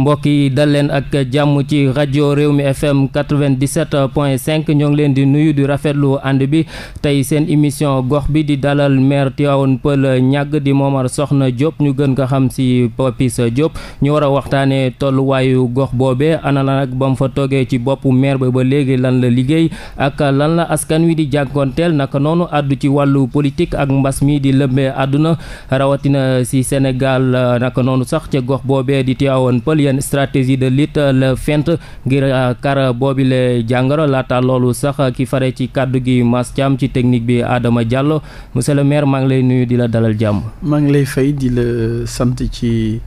mbokk yi dal leen ak jàmm ci rajo réew mi fm 97 point 5 ñoo ngi leen di nuyu di rafetlu ànd bi tey seen émission gox bi di dalal maire Tivaouane Peulh ñàgg di Momar soxna Diop ñu gën ko xam si Papis Diop ñu war a waxtaanee tolluwaayu gox boobee ana la nag ba fa toogee ci boppu maire bi ba léegi lan la liggéey ak lan la askan wi di jànkoonteel naka noonu àddu ci wàllu politique ak mbas mii di lëmbee àdduna rawatina si Sénégal naka noonu sax ca gox boobee di Tivaouane Peulh seen stratégie de lutte la fent ngir euh, kar boobile jàngoro laata loolu sax ki fare ci kàddu gi Mass Thiam ci technique bi Adama Diallo monsieur le maire maa ngi lay nuyu di la dalal jàmm. maa ngi lay fay di la sant ci.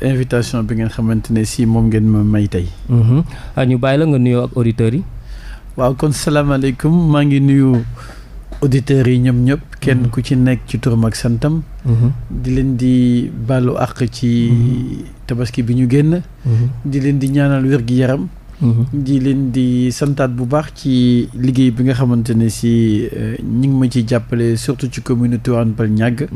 invitation bi ngeen xamante ne si moom ngeen ma may tey. Mhm. ñu bàyyi la nga nuyoo ak auditeurs yi. waaw kon salaamaaleykum maa ngi nuyu. auditeurs yi ñoom ñëpp kenn mhm. ku ci nekk ci turam ak santam mhm. di leen di bàllu àq ci mhm. tabaski bi ñu génn di leen di ñaanal wér-gi-yaram di leen di santaat bu baax ci liggéey bi nga xamante ne si eh, ñi ngi ma ci jàppale surtout ci commune Tivaouane Peulh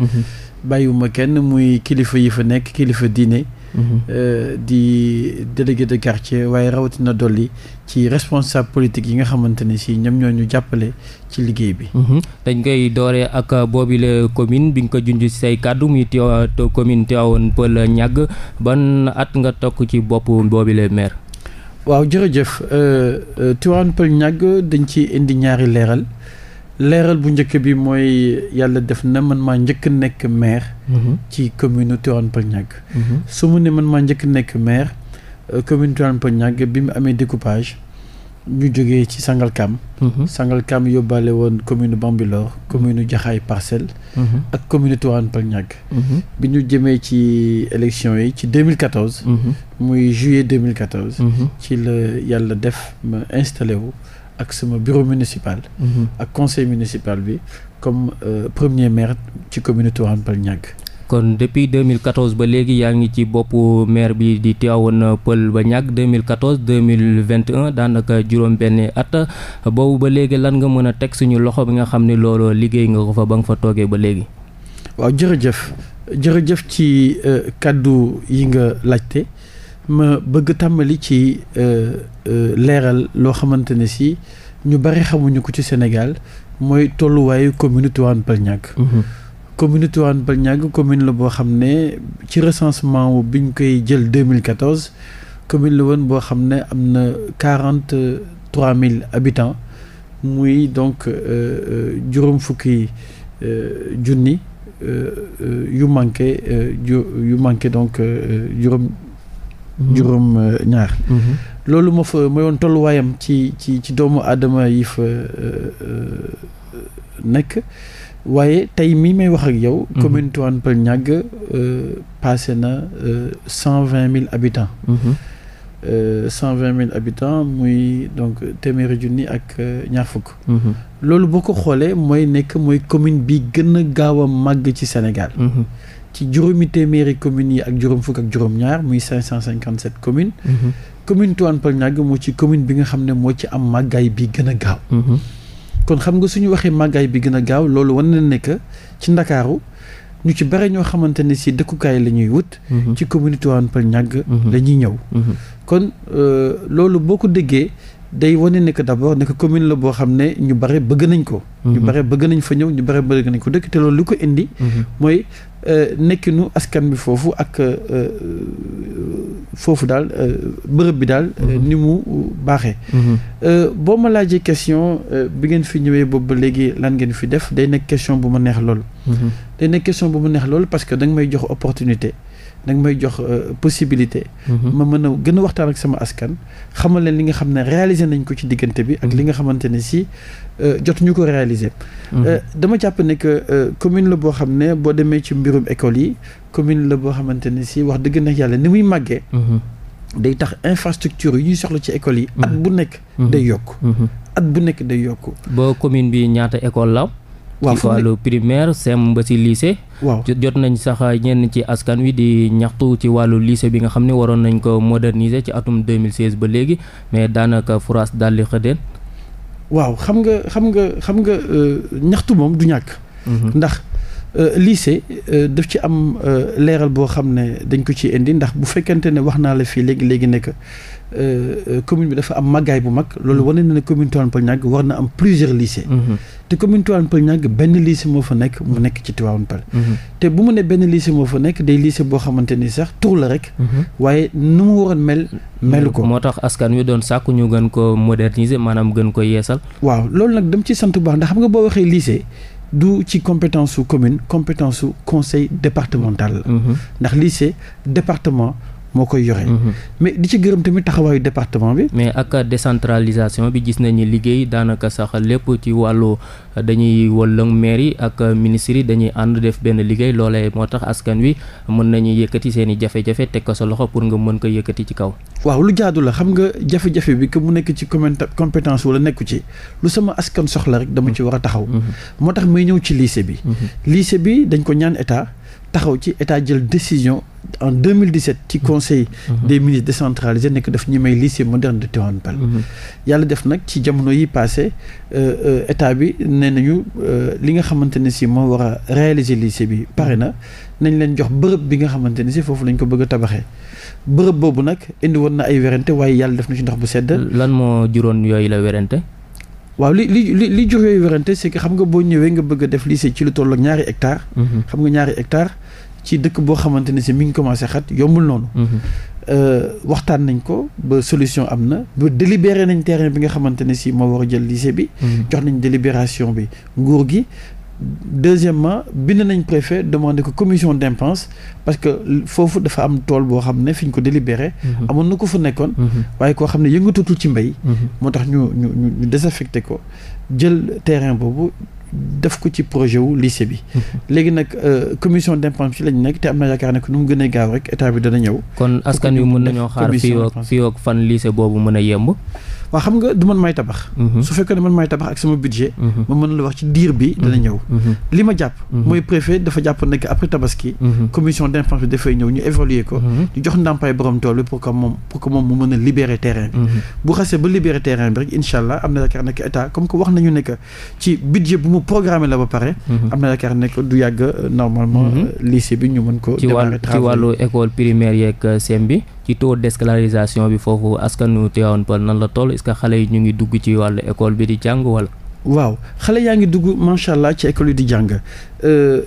bàyyiwuma kenn muy kilifa yi fa nekk kilifa diine Euh, di délégué de quartier waaye rawatina dolli ci responsable politique yi nga xamante ne si ñoom ñoo ñu jàppale ci liggéey bi. Mhm. dañ koy dooree ak boobile commune bi nga ko junj say kàddu muy Tivaouane commune Tivaouane Peulh Niague ban at nga tokk ci bopp boobile maire. waaw jërëjëf euh, euh, Tivaouane Peulh Niague dañ ci indi ñaari leeral. leeral bu njëkk bi mooy yàlla def na man maa njëkk nekk maire. Mhm. ci commune Tivaouane peulh mhm. su mu ne man ma njëkk nekk maire euh, commune Tivaouane peulh bi mu amee découpage ñu jóge ci Sangalkam. Mhm. Sangalkam yóbbaale woon commune Bambilor commune Jaxaay Parcelles. ak commune Tivaouane Peulh-Niaga. bi ñu jëmee ci élection yi ci 2014. muy juillet 2014. ci la yàlla def ma installé wu. ak sama bureau municipal. Mhm. ak conseil municipal bi comme euh, premier maire ci commune Tivaouane Peulh Niaga. kon depuis 2014 ba léegi yaa ngi ci boppu maire bi di Tivaouane Peulh ba Niaga 2014 2021 daanaka juróom-benn at boobu ba léegi lan nga mën a teg suñu loxo bi nga xam ne looloo liggéey nga ko fa ba nga fa toogee ba léegi. waaw jërëjëf jërëjëf ci euh, kàddu yi nga laajte. ma bëgg tàmbali ci euh, euh, leeral loo xamante ne si ñu bari xamuñu ko ci Sénégal mooy tolluwaayu commune Tivaouane Peulh-Niaga mm-hmm. commune Tivaouane commune la boo xam ne ci recensement bi ñu koy jël 2014 commune la woon boo xam ne am na quarante trois mille habitants muy donc euh, juróom fukki junni yu manqué yu manqué donc juróom juróom euh, ñaar mhm. loolu ma fa mayoon tolluwaayam ci ci ci doomu aadama yi fa euh, euh, nekk waaye tey mii may wax ak yow mhm. commune Tivaouane Peulh Niaga passé na cent vingt mille habitants mhm. cent vingt mille habitants muy donc téeméeri junni ak ñaar fukk loolu boo ko xoolee mooy nekk mooy commune bi gën a gaaw a màgg ci Sénégal ci juróomi téeméeri communes yi ak juróom fukk ak juróom-ñaar muy 557 communes. Mhm. commune Tivaouane Peulh moo ci commune bi nga xam ne moo ci am màggaay bi gën a gaaw. Mhm. kon xam nga suñu waxee màggaay bi gën a gaaw loolu wan na ne que ci ndakaaru ñu ci bare ñoo xamante ne si dëkkukaay la ñuy wut. Mhm. ci commune Tivaouane Peulh ñàgg la ñuy ñëw. kon euh, loolu boo ko déggee day wane ne que d' abord ne commune la boo xam ne ñu bare bëgg nañ ko. ñu mhm. bare bëgg nañ fa ñëw ñu bare bëgg nañ ko dëkk te loolu lu ko indi. Mhm. mooy euh, nekkinu askan bi foofu ak euh, euh, foofu daal bërëb bi daal. Mhm. ni mu baaxee. boo ma laajee question bi ngeen fi ñëwee boobu ba léegi lan ngeen fi def day nekk question bu ma neex lool. day nekk question bu ma neex lool parce que danga may jox opportunité. danga may jox euh, possibilité. Mhm. ma mën a gën a waxtaan ak sama askan. xamal leen li nga xam ne réaliser nañ ko ci diggante bi. ak mhm. li nga xamante ne si euh, jotuñu ko réaliser. Mhm. Euh, dama jàpp ne que commune la boo xam ne boo demee ci mbirum école yi commune la boo xamante ne si wax dëgg nag yàlla ni muy màggee. day tax infrastructure yi ñuy soxla ci école yi. at bu nekk day yokk. at bu nekk day yokk. boo commune bi ñaata école la. waaw ci wàllu primaire sem ba ci lycée waaw jot nañ sax ñenn ci askan wi di ñaxtu ci wàllu lycée bi nga xam ne waroon nañ ko moderniser ci atum 2016 ba léegi mais daanaka France daal di xëddeen waaw xam nga xam nga xam nga euh, ñaxtu moom du ñàkk mhm. ndax euh, lycée euh, daf ci am leeral boo xam ne dañ ko ci indi ndax bu fekkente ne wax naa la fii léegi léegi nekk Euh, euh, commune bi dafa am màggaay bu mag loolu mm-hmm. wane na ne commune Tivaouane Peulh-Niaga war na am plusieurs lycées mm-hmm. te commune Tivaouane Peulh-Niaga benn lycée moo fa nekk mu nekk ci Tivaouane Peulh mm-hmm. te bu mu ne benn lycée moo fa nekk day lycée boo xamante ni sax tur la rek waaye nu mu waroon mel melu ko moo tax askan wi doon sàkku ñu gën ko moderniser maanaam gën ko yeesal waaw loolu nag dem ci sant bu baax ndax xam nga boo waxee lycée du ci compétence su commune compétence su conseil départemental la moo koy yore. Mhm. mais di ci gërëm tamit taxawaayu département bi. mais ak décentralisation bi gis nañu liggéey daanaka sax lépp ci wàllu dañuy wëllëng maire yi ak ministre yi dañuy ànd def benn liggéey loolee moo tax askan wi mën nañu yëkkati seen i jafe-jafe teg ko sa loxo pour nga mën ko yëkkati ci kaw. waaw lu jaadu la xam nga jafe-jafe bi que mu nekk ci compétence wala nekku ci lu sama askan soxla rek dama ci war a taxaw. Mhm. moo tax may ñëw ci lycée bi. Mhm. lycée taxaw ci état jël décision en 2017 ci mm-hmm. conseil mm-hmm. des ministres décentralisé nekk daf ñi may lycée moderne de Tivaouane Peulh mm-hmm. yàlla def nag ci jamono yi passé euh, euh, état bi nee nañu euh, li nga xamante ne si moo war a réaliser lycée bi pare na nañ leen jox bërëb bi nga xamante ne si foofu lañ ko bëgg a tabaxee bërëb boobu nag indi woon na ay werante waaye yàlla def na ci ndox bu sedd lan moo juróon yooyu la werante waaw li li li li jur yooyu werante c'est que xam nga boo ñëwee nga bëgg a def lycée ci lu toll ak ñaari hectare mhm. xam nga ñaari hectare ci dëkk boo xamante ne si mi ngi commencé xat yombul noonu mhm. euh, waxtaan nañ ko ba solution am na ba délibéré nañ terrain bi nga xamante ne si moo war a jël lycée bi mhm. jox nañ délibération bi nguur gi deuxièmement bind nañ préfet demandé ko commission d'impense parce que foofu dafa am tool boo xam ne fi ñu ko délibéré mhm. amoon na ko fa nekkoon mhm. waaye koo xam ne yëngatutul ci mbéy mhm. moo tax ñu ñu ñu désaffecté ko jël terrain boobu def ko ci projet wu lycée bi léegi nag euh, commission d'impense ci lañ nekk te am na yaakaar ne ko nu mu a gaaw rek état bi dana ñëw kon askan yu mën nañoo xaar fii ak fan lycée boobu mën a yemb waa xam nga du man may tabax mhm. su fekkee ne man may tabax ak sama budget mhm. ma mën la wax ci diir bi dana mhm. ñëw li ma jàpp mooy préfet dafa jàpp nekk après tabaski commission d'instance bi dafay ñëw ñu évaluer ko ñu jox ndàmpaay borom tool bi pour que moom pour que moom mu mën a libérer terrain bi bu xasee ba libérer terrain bi rek incha am na yaakaar nekk état comme que wax nañu nekk ci budget bu mu programmé la ba pare am na yaakaar nekk du yàgg euh, normalement euh, lycée bi ñu ko démarrer travaux ci wàllu école primaire yeeg euh, ci taux d'escolarisation bi foofu askanu Tivaouane Peulh nan la toll est-ce que xale yi ñu ngi dugg ci wàllu école bi di jàng wala. waaw xale yaa ngi dugg macha allah ci école yi di jàng. Euh,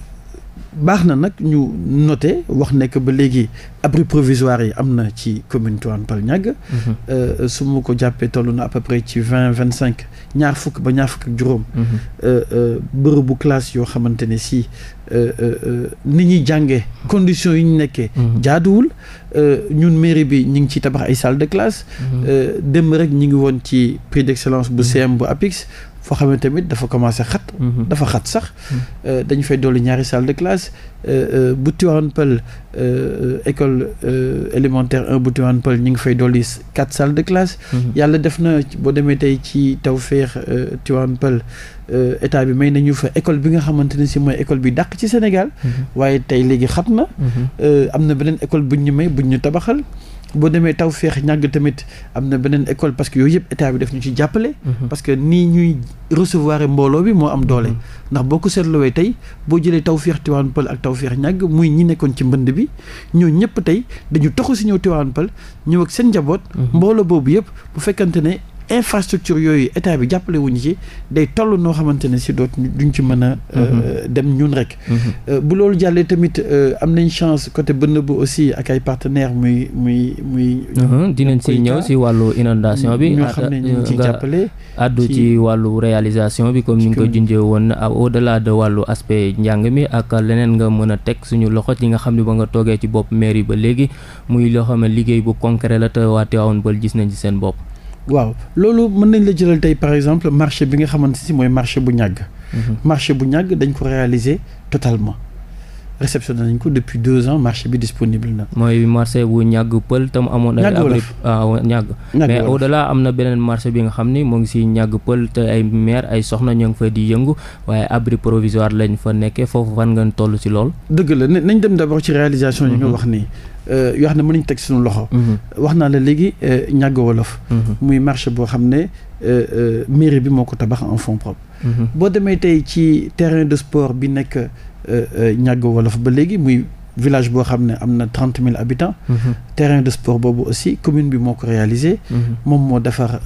baax na nag ñu noté wax nekk ba léegi abri provisoire yi am na ci commune Tivaouane Peulh-Niaga mhm. euh, su ma ko jàppee toll na à peu ci vingt vingt cinq ñaar fukk ba ñaar fukk ak juróom mhm. euh, euh, bu classe yoo xamante ne si ni ñuy jàngee conditions yi ñu nekkee mhm. jaaduwul ñun mairie bi ñu ngi ciy tabax ay salle de classe démb rek ñu ngi woon ci prix d'excellence bu CM bu APIX foo xam ne tamit dafa commencé xat mhm. dafa xat sax mhm. euh, dañu fay dolli ñaari salle de classe euh, euh, bu Tivaouane Peulh école élémentaire 1 bu Tivaouane Peulh ñu ngi fay dolli quatre salles de classe mhm. yàlla def na boo demee tey ci tawféex Tivaouane Peulh état bi may nañu fa école bi nga xamante ne si mooy école bi dàq ci Sénégal waaye tey léegi xat na am na beneen école buñ ñu may buñ ñu tabaxal boo demee Tawfekh ñàgg tamit am na beneen école parce que yooyu yëpp état bi def ñu ci jàppale. Mhm. parce que nii ñuy recevoir mbooloo bi moo am doole. Mhm. ndax boo ko seetluwee tey boo jëlee Tawfekh Tivaouane pël ak Tawfekh ñàgg muy ñi nekkoon ci mbënd bi ñoo ñëpp tey dañu toxu si ñëw Tivaouane Peulh ñëw ak seen njaboot. Mhm. mbooloo boobu yëpp bu fekkante ne. infrastructure yooyu état bi jàppale wuñu ci day toll noo xamante ne si doot duñ ci mën a euh, mhm. dem ñun rek mhm. euh, bu loolu jàllee tamit euh, am nañ chance côté bënn bu aussi ak ay partenaires muy muy muy mhm. dinañ si ñëw si wàllu inondation bi ñoo xam ne wàllu réalisation bi comme ni nga ko junjee woon ah, au delà de wàllu aspect njàng mi ak leneen nga mën a teg suñu loxo ci nga xam ne ba nga toogee ci bopp mairie ba léegi muy loo xam ne liggéey bu concret la te waa Tivaouane bal gis nañ ci seen bopp waaw loolu mën nañ la jëlal tey par exemple marché bi nga xamante si mooy marché bu ñàgg. Mhm. marché bu ñàgg dañ ko réaliser totalement. réceptionné nañ ko depuis deux ans marché bi disponible na. mooy marché bu ñàgg pël tam amoon. ay abri ah, ñàgg. mais au delà am na beneen marché bi nga xam ni moo ngi si ñàgg pël te ay maire ay soxna ñoo ngi fa di yëngu waaye abri provisoire lañ fa nekkee foofu fan ngeen toll si lool. dëgg la nañ dem d' abord ci réalisation yi nga mhm. wax nii. Euh, yoo xam ne mën nañu teg suñu loxo. Mhm. wax naa la léegi euh, ñàgg wolof. Mhm. muy marché boo xam ne euh, mairie bi moo ko tabax en fonds propres. Mhm. boo demee tey ci terrain de sport bi nekk ñàgg wolof ba léegi muy. village boo xam ne am na trente mille habitants. Mm -hmm. terrain de sport boobu aussi commune bi moo ko réalisé. moom moo defar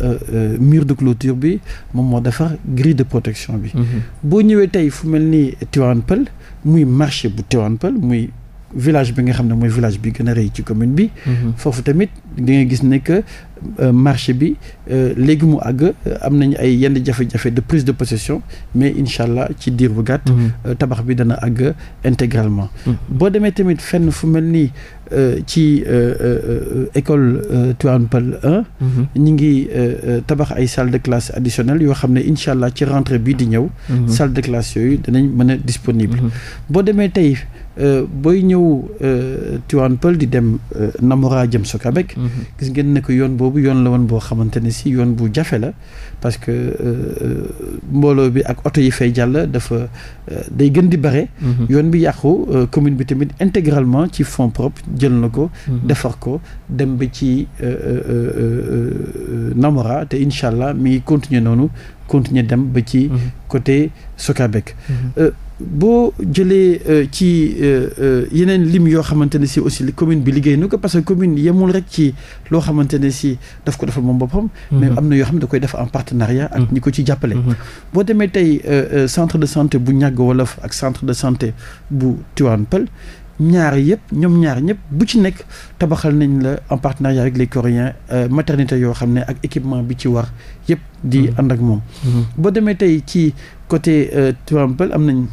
mur de clôture bi moom moo defar grille de protection bi. boo ñëwee tey fu mel ni Tivaouane Peulh muy marché bu Tivaouane Peulh muy village bi nga xam ne mooy village bi gën a rëy bi. Mhm. foofu tamit di nga gis ne Euh, marché bi euh, léegi mu àgg euh, am nañu ay yenn jafe-jafe de prise de possession mais incha allah ci diir bu gàtt. Mhm. tabax bi dana àgg intégralement. Mhm. boo demee tamit fenn fu mel nii ci école Tivaouane Peulh mhm. ñu ngi tabax ay salle de classe additionnelles yoo xam ne incha allah ci rentrée bii di ñëw. salle de classe yooyu danañ mën a disponible. boo demee tey booy ñëw Tivaouane Peulh di dem Namora jëm Sokabek. gis ngeen ne ko yoon boobu yoon la woon boo xamante ne si yoon bu jafe la parce que euh, euh, mbooloo bi ak oto yi fay jàll dafa euh, day gën di bare. Mm-hmm. yoon bi yàqu commune bi tamit intégralement ci fonds propres jël na ko. Mm-hmm. defar ko dem ba ci Namora te incha allah mi ngi continuer noonu continuer dem ba ci. Mm-hmm. côté Sokabek. boo jëlee euh, ci euh, euh, yeneen lim yoo xamante ne si aussi commune bi liggéey na ko parce que commune yemul rek ci loo xamante ne si daf ko defal moom boppam. Mhm. mais am na yoo xam ne da koy def mhm. ko ci jàppale. Mhm. boo demee tey centre de santé bu ñàgg wolof ak centre de santé bu Tivaouane Peulh ñaar yëpp ñoom ñaar ñëpp bu ci nekk tabaxal nañ la en partenariat avec les Coréens maternité yoo xam ne ak équipement bi ci war yépp di ànd ak moom. boo demee tey ci côté Tivaouane am nañ.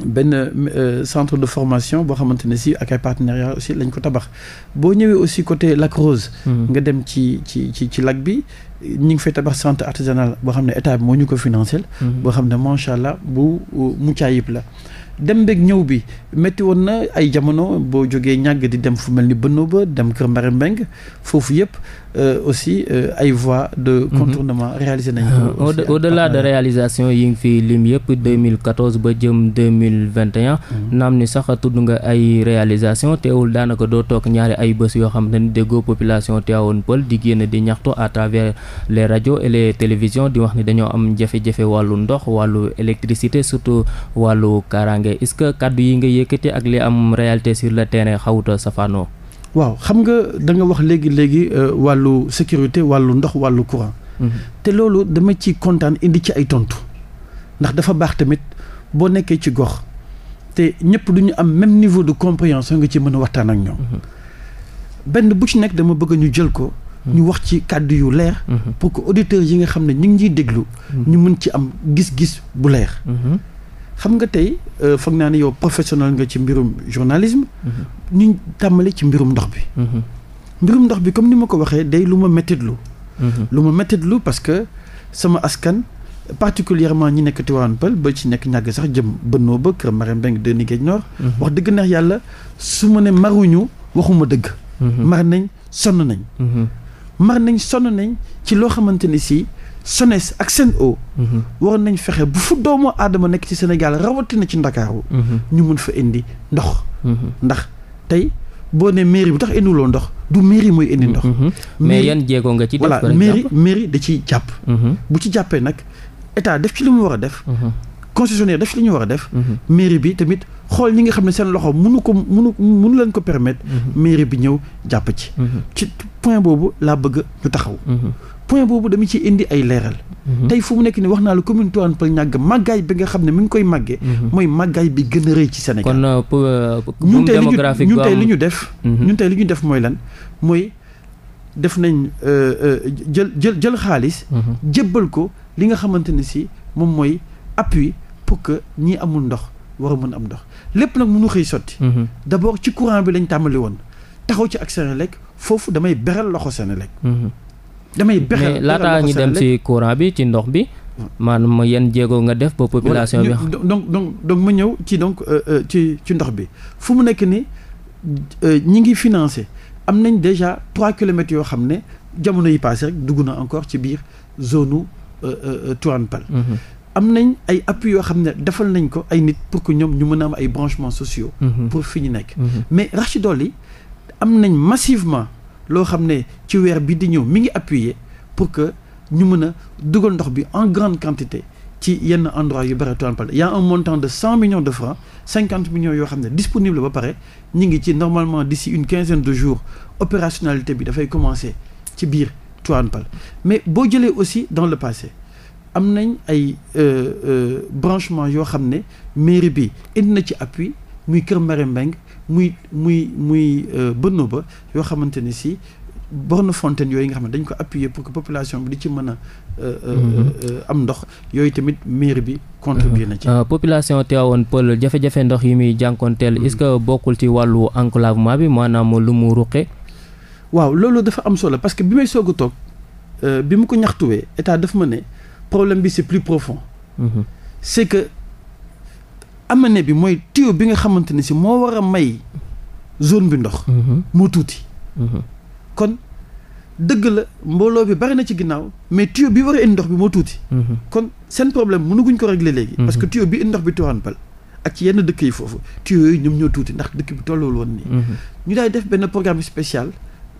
benn euh, centre de formation boo xamante ne si ak ay partenariat aussi lañ ko tabax boo ñëwee aussi côté Lac Rose hmm. nga dem ci ci ci ci lac bi ñu ngi fay tabax centre artisanal boo xam ne état bi moo ñu ko financé hmm. boo xam ne macha allah bu mucc ayib la dem beeg ñëw bi métti woon na ay jamono boo jógee ñàgg di dem fu mel ni bënnoo ba dem kër Mbare Mbeng foofu yëpp Euh, aussi euh, ay voies de mhm. contournement réalisé nañu ko euh, au delà réalisation yi ngi fi lim yëpp 2014 mhm. ba jëm 2021 mhm. naam ni sax tudd nga ay réalisation teewul daanaka doo toog ñaari ay bés yoo xam ne déggoo population Tivaouane Peulh di génn di ñaxtu à travers les radios et les télévisions di wax ni dañoo am jafe-jafe wàllu ndox wàllu électricité surtout wàllu kaaraange est-ce que kàddu yi nga yëkkati ak li am réalité sur le terrain xawuta safaanoo waaw xam nga danga wax léegi léegi euh, wàllu sécurité wàllu ndox wàllu courant. Mhm. te loolu dama ci kontaan indi ci ay tontu ndax dafa baax tamit boo nekkee ci gox te ñëpp du ñu am même niveau de compréhension nga ci mën a waxtaan ak ñoom. Mhm. benn bu ci nekk dama bëgg ñu jël ko. Mhm. ñu wax ci kàddu yu leer. pour que auditeurs yi nga xam ne ñu ngi ñuy déglu. ñu mën ci am gis-gis bu leer. xam nga tey euh, foog naa ne yow professionnel nga ci mbirum journalisme. Mm-hmm. ñu tàmbali ci mbirum ndox bi. Mm-hmm. mbirum ndox bi comme ni ma ko waxee day lu ma mettitlu mm-hmm. lu ma mettitlu parce que sama askan. particulièrement ñi nekk Tivaouane Peulh ba ci nekk ñàgg sax jëm bënnoo ba kër Marème Mbengue Deni Guèye Nior wax dëgg neex yàlla su ma ne maruñu waxuma dëgg mar nañ sonn nañ mar nañ sonn nañ ci loo xamante ni SONES ak SEN'EAU mhm. war nañ fexe bu fu doomu aadama nekk ci Sénégal rawatina ci Ndakaaru mhm. ñu mun fa indi ndox mhm. ndax tey boo ne mairie bu tax indiwuloo ndox du mairie mooy indi ndox mais yan jéego nga ci def voilà mairie mairie da ciy jàpp bu ci jàppee nag état def ci li mu war a def concessionnaire def li ñu war a def mairie bi tamit xool ñi nga xam ne seen loxo mënu ko mënu mënu leen ko permettre mairie bi ñëw jàpp ci ci point boobu laa bëgg ñu taxaw point boobu dama ci indi ay leeral mhm. tey fu mu nekk ni wax naa la commune Tivaouane Peulh ñàgg màggaay bi nga xam ne mi ngi koy màggee mhm. mooy màggaay bi gën a rëy ci Sénégal euh, euh, ñun tey ñun tey li ñu def mhm. ñun tey li ñu def mooy lan mooy def nañ euh, jël jël jël xaalis jébbal ko li nga xamante ne si moom mooy appui pour que ñi amul ndox war a mën am ndox lépp nag mënu xëy sotti d'abord ci courant bi lañ tàmbali woon taxaw ci ak Senelec foofu damay beral loxo Senelec damay bexel mais laata ñu dem ci courant bi ci ndox bi. maanaam yan jéego nga def ba population bi. donc donc donc ma ñëw ci donc euh, euh, ci ci ndox bi fu mu nekk ni euh, ñi ngi financé am nañ déjà trois kilomètres yoo xam ne jamono yi passé rek dugg na encore ci biir zone nu Tivaouane Peulh mhm. am nañ ay appui yoo xam ne defal nañ ko ay nit pour que ñoom ñu mën a am ay branchements sociaux. Mhm. pour fi ñu nekk. Mhm. mais rax ci dolli am nañ massivement. loo xam ne ci weer bi di ñëw mi ngi appuyer pour que ñu mën a dugal ndox bi en grande quantité ci yenn endroit yu bëri Tivaouane Peulh y montant de cent millions de francs cinquante millions yoo xam ne disponible ba pare ñu ngi ci normalement d'ici une quinzaine de jours opérationnalité bi dafay commencer ci biir Tivaouane Peulh mais boo jëlee aussi dans le passé am nañ ay euh, euh, branchement yoo xam ne mairie bi indi na ci appui muy Kër Marème Mbengue muy muy muy euh, bënn ba yoo xamante ne si borne fontaine yooyu nga xam ne dañ ko appuyer pour ko population bi di ci mën a. Euh, euh, mhm. am ndox yooyu tamit mairie bi contribuer na ci. population Tivaouane Peulh jafe-jafe ndox yi muy jànkoonteel. Mhm. est-ce que bokkul ci wàllu enclavement bi maanaam lu mu ruqe. waaw loolu dafa am solo parce que bi may soog a toog bi mu ko ñaxtuwee état daf ma ne problème bi c'est plus profond. Mhm. c'est que am amane bi mooy tuyau bi nga xamante ne si moo war a may zone bi ndox. moo mhm. tuuti. Mhm. kon dëgg la mbooloo bi bari na ci ginnaaw mais tuyau bi war a indi ndox bi moo tuuti. Mhm. kon seen problème mënuguñ ko regle léegi. parce que tuyau bi indi ndox bi Tivaouane Peulh ak ci yenn dëkk yi foofu tuyau yooyu ñoom ñoo tuuti ndax dëkk bi tollool woon nii. ñu daay def benn programme spécial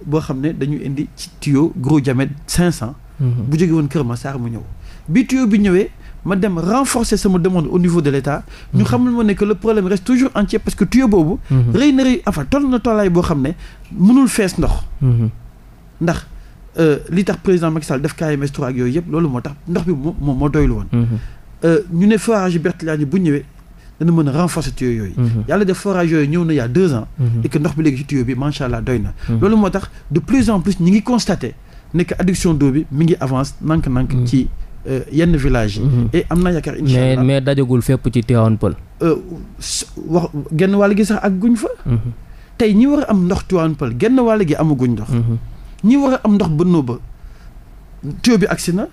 boo xam ne dañu indi ci tuyau gros diamètre cent bu jóge woon Kër Massar mu ñëw bi bi ñëwee. ma dem renforcer sama demande au niveau de l'État ñu mhm. xamal ma ne que le problème reste toujours entier parce que tuyau boobu mhm. rëy na rëy enfin toll na tollaay boo xam ne mënul fees ndox mhm. ndax euh, li tax président Macky Sall def KMS 3 ak yooyu yëpp loolu moo tax ndox bi moom moo doylu woon euh, ñu ne forage Bertilani bu ñëwee a renforcer tuyau yooyu def forage yooyu ñëw na il a deux ans et que ndox bi léegi ci tuyau bi macha allah doy na loolu moo tax de plus en plus ñi ngi constaté ne que adduction bi mi ngi avance nank-nank ci Euh, yenn village yi. Mhm. et am na yaakaar incha allah mais dajagul fépp ci Tivaouane Peulh. Euh, wax genn wàll gi sax ak guñ fa. Mhm. tey ñi war a am ndox Tivaouane Peulh genn wàll gi amaguñ ndox. Mhm. ñi war a am ndox bënnoo ba tuyau bi agsi na.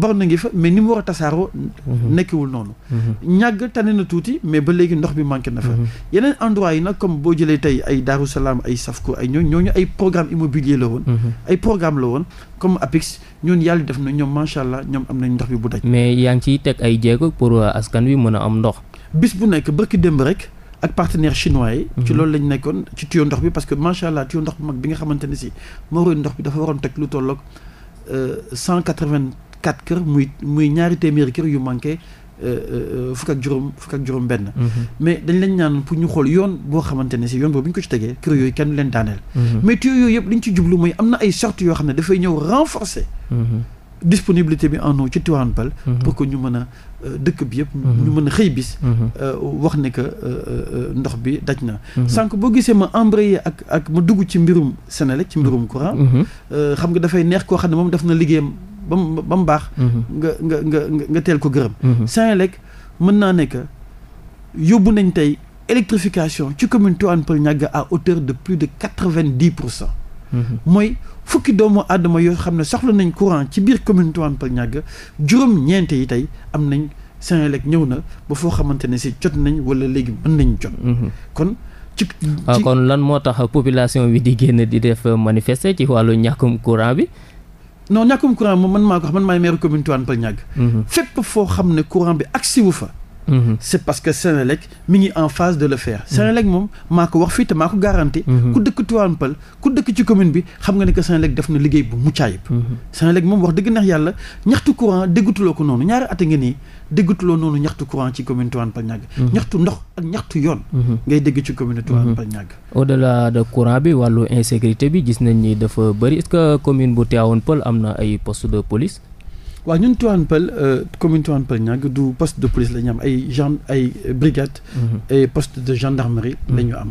bor na ngi fa mais ni mu war a tasaaroo mhm. nekkiwul noonu mhm. ñàgg tane na tuuti mais ba léegi ndox bi manqué na fa mhm. yeneen endroit yi na comme boo jëlee tey ay Daaru Salaam ay Safko ay ñooñu ñooñu ay programme immobilier la woon ay programme la woon comme APIX ñun yàlla def na ñoom macha allah ñoom am nañ ndox bi bu daj mais yaa ngi ciy teg ay jéego pour euh, askan wi mën a am ndox bis bu nekk bërki démb rek ak partenaire chinois yi ci loolu lañ nekkoon ci tuyau ndox bi parce que macha allah tuyau ndox bu mag bi ne si moo ndox bi dafa waroon teg lu tolloog euh, cent quatre-vingt quatre kër muy muy ñaari téeméeri kër yu manqué euh, euh, fukk ak juróom fukk ak juróom benn mhm. mais dañ leen ñaan pour ñu xool yoon boo xamante ne si yoon boobu bu ñu ko ci tegee kër yooyu kenn leen daaneel mhm. mais tuyaux yooyu yëpp li ñu ci jublu mooy am na ay sortes yoo xam ne dafay ñëw renforcer mhm. disponibilité bi en eau ci Tivaouane Peulh pour que ñu mën a euh, dëkk bi yëpp ñu mën a xëy bis wax ne ndox bi daj na sànq boo gisee ma embrayé ak ak ma dugg ci mbirum Senelec ci mbirum courant xam nga dafay neex koo xam ne moom def ba mu ba mu baax. Mhm. nga nga nga nga teel ko gërëm. Mhm. Senelec mën naa ne que yóbbu nañ tey électrification ci commune Tivaouane Peulh Niaga à hauteur de plus de quatre-vingt-dix pour cent. Mhm. mooy fukki doomu aadama yoo xam ne soxla nañ courant ci biir commune Tivaouane Peulh Niaga juróom ñeente yi tey am nañ Senelec ñëw na ba foo xamante ne si jot nañ wala léegi mën nañ jot. kon ah, ci kon lan moo tax population bi di génn di def manifester ci wàllu ñàkkum courant bi. non ñàkkum courant moom man maa ko man maay maire commune Tivaouane Peulh Niaga mm-hmm. foo xam ne courant bi agsi wu fa Mhm. c' est parce que Sénélec mi ngi en phase de le faire mhm. Sénélec moom maa ko wax fii te maa ko garanti mhm. ku dëkk Tivaouane ku dëkk ci commune bi xam nga ne que Sénélec def na liggéey bu mucc ayib Sénélec moom wax dëgg neex yàlla ñaxtu courant déggatuloo ko noonu ñaari at a ngi nii déggatuloo noonu ñaxtu courant ci commune Tivaouane Peulh Niaga ñaxtu ndox ak ñaxtu yoon ngay dégg ci commune Tivaouane Peulh Niaga au de courant bi wàllu insécurité bi gis nañ ni dafa bëri est commune bu Tivaouane Peulh am na ay poste de police waaw ñun Tivaouane Peulh euh, commune Tivaouane Peulh Niague du poste de police la ñu am ay gen ay brigade mhm. et poste de gendarmerie mhm. la ñu am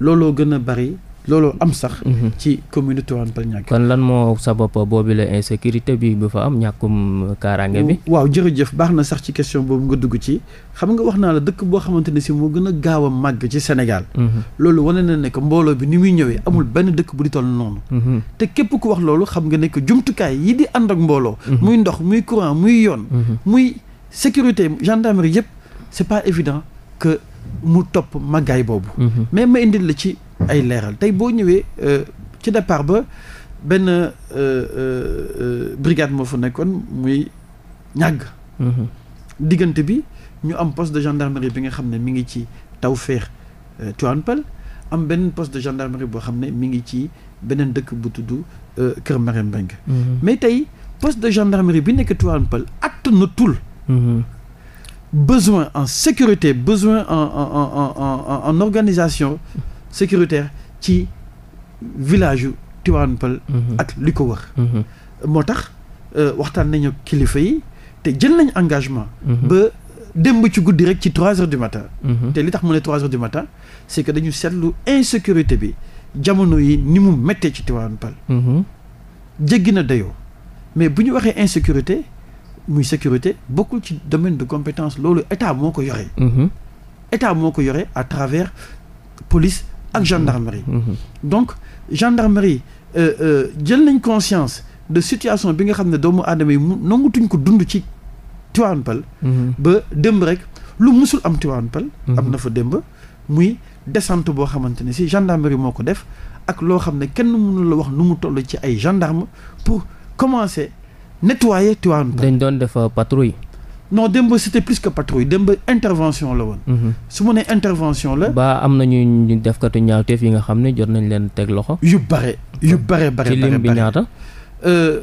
looloo gën a bari looloo am sax. Mhm. ci commune Tivaouane Peulh kon lan moo sabab boobu la insécurité bi ba fa am ñàkkum kaaraange bi. waaw jërëjëf baax na sax ci question boobu nga dugg ci xam nga wax naa la dëkk boo xamante ne si moo gën a gaaw a màgg ci Sénégal. Mhm. loolu wane na ne que mbooloo bi ni muy ñëwee amul benn dëkk bu di toll noonu. Mhm. te képp ku wax loolu xam nga ne que jumtukaay yi di ànd ak mbooloo. muy ndox muy courant muy yoon. muy sécurité gendarmerie yëpp c'est pas évident mu topp màggaay boobu. ay leeral tey boo ñëwee euh, ci départ ba benn euh, euh, brigade moo fa nekkoon muy ñàgg. Mhm. diggante bi ñu am poste de gendarmerie bi nga xam ne mi ngi ci Tawfekh Tivaouane Peulh am benn poste de gendarmerie boo xam ne mi ngi ci beneen dëkk bu tudd Kër Marème Mbengue mhm. mais tey poste de gendarmerie bi nekk Tivaouane Peulh attanatul mhm. besoin en sécurité besoin en en en en en, en organisation sécuritaire ci village yu Tivaouane Peulh mhm. ak li ko wër mhm. moo tax euh, waxtaan nañu kilifa yi te jël nañ engagement mhm. ba démb ci guddi rek ci trois heures du matin te li tax mu ne trois heures du matin c'est que dañu seetlu insécurité bi jamono yi ni mu méttee ci Tivaouane Peulh jéggi na dayoo mais bu ñu waxee insécurité muy sécurité bokkul ci domaine de compétence loolu état moo ko yore état moo ko yore à travers police ak gendarmerie. Mm-hmm. donc gendarmerie euh, euh, jël nañ conscience de situation bi nga xam ne doomu aadama yi mu nangutuñ ko dund ci Tivaouane Peulh. Mm-hmm. ba démb rek lu musul am Tivaouane Peulh. Mm-hmm. am na fa démb muy descente boo xamante ne si gendarmerie moo ko def ak loo xam ne kenn mënu la wax nu mu toll ci ay gendarme pour commencer nettoyer Tivaouane Peulh. dañ doon def patrouille. non démb c'était plus que patrouille démb intervention la woon. Mhm. su ma nee intervention la. ba am na ñu ñu defkatu ñaawteef yi nga xam ne jot nañ leen teg loxo. yu bare yu bare bare ci lim bi ñaata. Euh,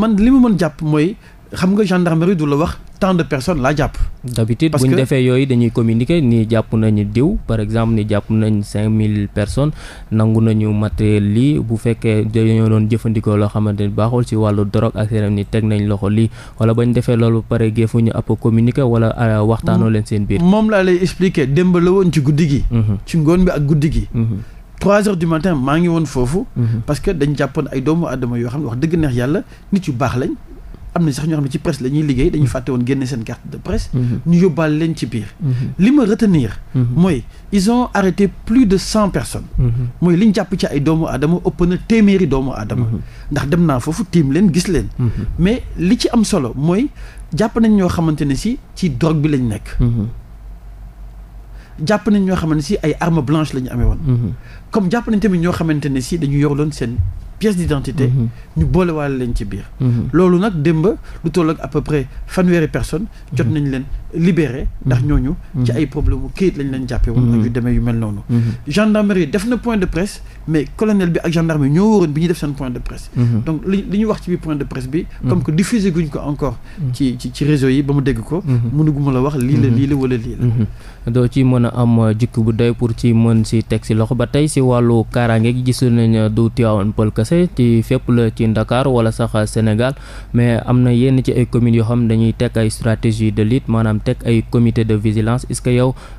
man li ma mën jàpp mooy xam nga gendarmerie du la wax. tant de personnes laa jàpp. d'habitude bu ñu defee yooyu dañuy communiquer ni jàpp nañu diw par exemple ni jàpp nañ cinq mille personnes nangu nañu matériel lii bu fekkee dañoo doon jëfandikoo loo xamante ni baaxul ci wàllu drogue ak euh, seen biir. moom laa lay expliquer démb la woon ci guddi gi. Mhm. ci ngoon bi ak guddi gi. Mhm. trois heures du matin maa ngi woon foofu. Mhm. parce que dañ jàppoon ay doomu aadama yoo xam ne wax dëgg neex yàlla nit yu baax lañ. am na sax ñoo xam ne ci presse la ñuy liggéey dañuy mm-hmm. fàtte woon génne seen carte de presse. Mm-hmm. ñu yóbbaale leen ci biir. Mm-hmm. li ma retenir. mooy ils ont arrêté plus de cent personnes. mooy li ñu jàpp ci ay doomu aadama ëpp na téeméeri doomu aadama. ndax dem naa foofu tiim leen gis leen. mais li ci am solo mooy jàpp nañ ñoo xamante ne si ci drogue bi lañu nekk. jàpp nañ ñoo xamante ne si ay armes blanches la ñu amee woon. comme jàpp nañ tamit ñoo xamante ne si dañu yor loon seen. pièce d'identité mhm. ñu boolewaale leen ci biir mhm. loolu nag démb lu toll ak peu près fanweeri personne jot mhm. nañ leen libéré ndax ñooñu ci ay problème mu kayit leen jàppe woon ak yu demee mel noonu gendarmerie def na point de presse mais colonel bi ak gendarmerie ñoo waroon bi ñuy def seen point de presse donc li li ñu wax ci biir point de presse bi comme que diffusé guñ ko encore ci réseau yi ba mu dégg ko mënuguma la wax lii la lii la wala lii la a euh, kese ci fépp la ci Dakar wala sax Sénégal mais am na yenn ci ay communes yoo xam dañuy teg ay stratégie de lutte maanaam teg ay comité de vigilance est-ce que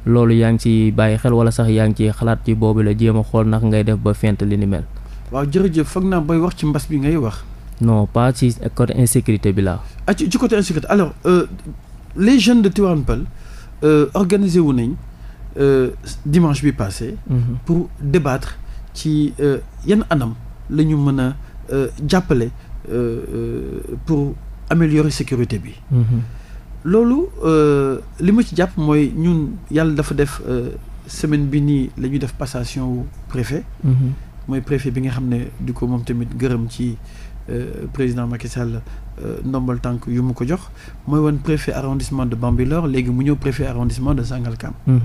loolu yaa ngi ci bàyyi xel wala sax yaa ngi ci xalaat ci boobu la jéem a xool nag ngay def ba fent li ni mel. waaw jërëjëf foog naa bay wax ci mbas bi ngay wax. no pas ci côté insécurité bi la ah ci ci insécurité alors euh, les jeunes de Tivaouane Peulh euh, organisé wu nañ euh, dimanche bi passé. Mm -hmm. pour débattre ci euh, yan anam. la ñu mën a euh, jàppale euh, euh, pour améliorer sécurité bi. Mm-hmm. loolu li ma ci jàpp mooy ñun yàlla dafa def semaine bi nii la ñuy def passation wu mm-hmm. mooy préfet bi nga xam ne di ko moom tamit gërëm ci président Macky Sall ndombal tànk yu mu ko jox mooy woon préfet arrondissement de Bambilor léegi mu ñëw préfet arrondissement de Sangalkam. Mm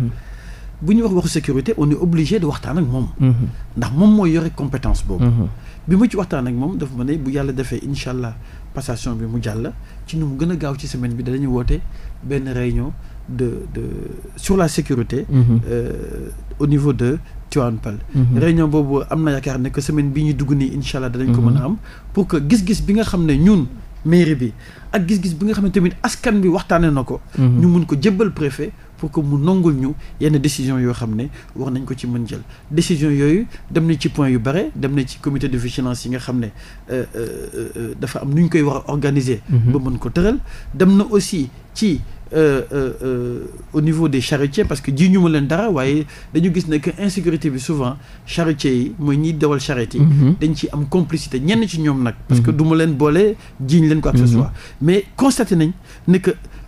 bu ñu wax waxu sécurité on est obligé de waxtaan ak moom. Mhm. ndax moom mooy yore compétence boobu. Mhm. bi ma ci waxtaan ak moom dafa ma ne bu yàlla defee incha allah passation bi mu jàll ci nu mu gën gaaw ci semaine bi danañu woote benn réunion de de sur la sécurité. Mhm. Euh, au niveau de Tivaouane Peulh. réunion boobu am na yaakaar ne semaine bi ñu dugg nii incha allah danañ ko mën a am pour que gis-gis bi nga xam ne ñun. mairie bi ak gis-gis bi nga xam ne tamit askan bi waxtaanee na ko. mun ko jébbal préfet. pour que mu nongul ñu yenn décision yoo xam ne war nañ ko ci mën jël décision yooyu dem nañ ci point yu bare dem na ci comité de vigilance yi nga xam ne euh, euh, euh, dafa am nu ñu koy war a organiser mhm. ba mën ko tëral dem na aussi ci Euh, euh, au niveau des charretiers parce que ji ñu ma leen dara waaye dañu gis ne que insécurité bi souvent charretiers yi mooy ñiy dawal charrette yi mhm. dañ ci am complicité ñenn ci ñoom nag parce que mhm. duma leen boole jiiñ leen ko ak ce soit mais constaté nañ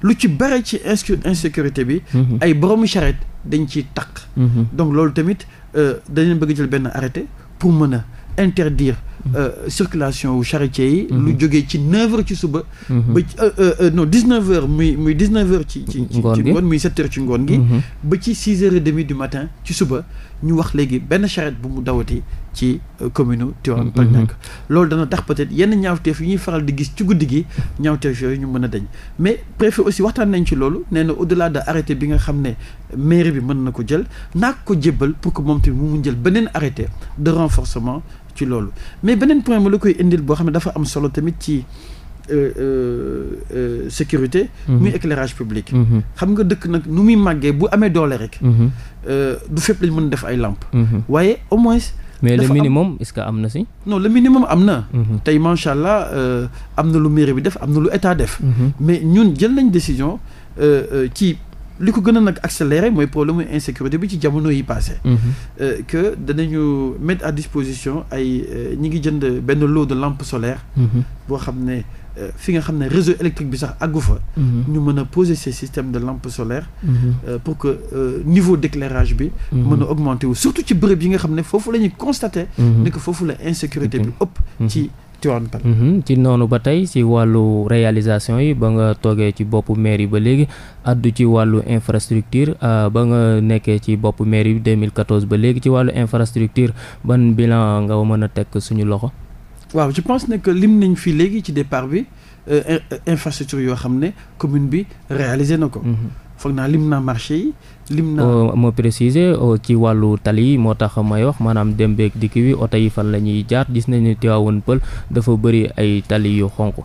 lu ci bare ci insécurité bi. Mhm. ay boroomu charrette dañ ci takk. Mhm. donc loolu tamit euh, dañu bëgg jël benn arrêté pour mën a interdire. Euh, circulation wu charretier yi. Mhm. lu jóge ci 9h ci suba. Mhm. ba ci euh, euh, non 19h muy muy 19h ci. ci ci ngoon muy 7h ci ngoon gi. Mhm. ba ci 6h30 du matin ci suba ñu wax léegi benn charrette bu mu dawati ci commune u Tivaouane Peulh loolu dana tax peut-être yenn ñaawteef yi ñuy faral di gis ci guddi gi ñaawteef yooyu ñu mën a dañ mais préfet aussi waxtaan nañ ci loolu nee na de delà de arrêté bi nga xam ne mairie bi mën na ko jël naak ko jébbal pour ko moom tamit mu mun jël beneen arrêté de renforcement ci loolu mais beneen point ma la koy indil boo xam ne dafa am solo tamit ci euh, euh, euh, sécurité mhm. muy éclairage public mhm. xam nga dëkk nag nu muy màggee bu amee doole rek mhm. du fépp lañ mën def ay lampe waaye au moins mais le minimum est-ce que am na si non le minimum am na tey macha allah am na lu mairie bi def am na lu état def mais ñun jël nañ décision ci li ko gën a nag accéléré mooy problème insécurité bi ci jamono yi passé mhm. euh, que danañu mettre à disposition ay euh, ñu ngi jënd benn lot de lamp solaire mhm. boo xam ne euh, fi nga xam ne réseau électrique bi sax àggu fa mhm. ñu mën a poser ces système de lamp solaire pour que niveau d'éclairage bi mën a augmenter wu surtout ci bërëb yi nga xam ne foofu la ñuy constater ne que foofu la insécurité bi ëpp ci Tivaouane mhm, ci noonu ba tey si wàllu réalisation yi ba nga toogee ci boppu mairie ba léegi addu ci wàllu infrastructure euh, ba nga nekkee ci boppu mairie bi 2014 ba léegi ci wàllu infrastructure ban bilan nga mën a teg suñu loxo waaw je pense ne lim nañ fii léegi ci départ bi euh, infrastructure yoo xam ne commune bi réalisé na ko mhm. foog naa lim naa marché yi lim naa euh, ma préciser euh, ci wàllu tali yi moo tax may wax maanaam dem dikk bi oto yi fan la ñuy jaar gis nañu Tivaouane Peulh dafa bari ay tali yu xonq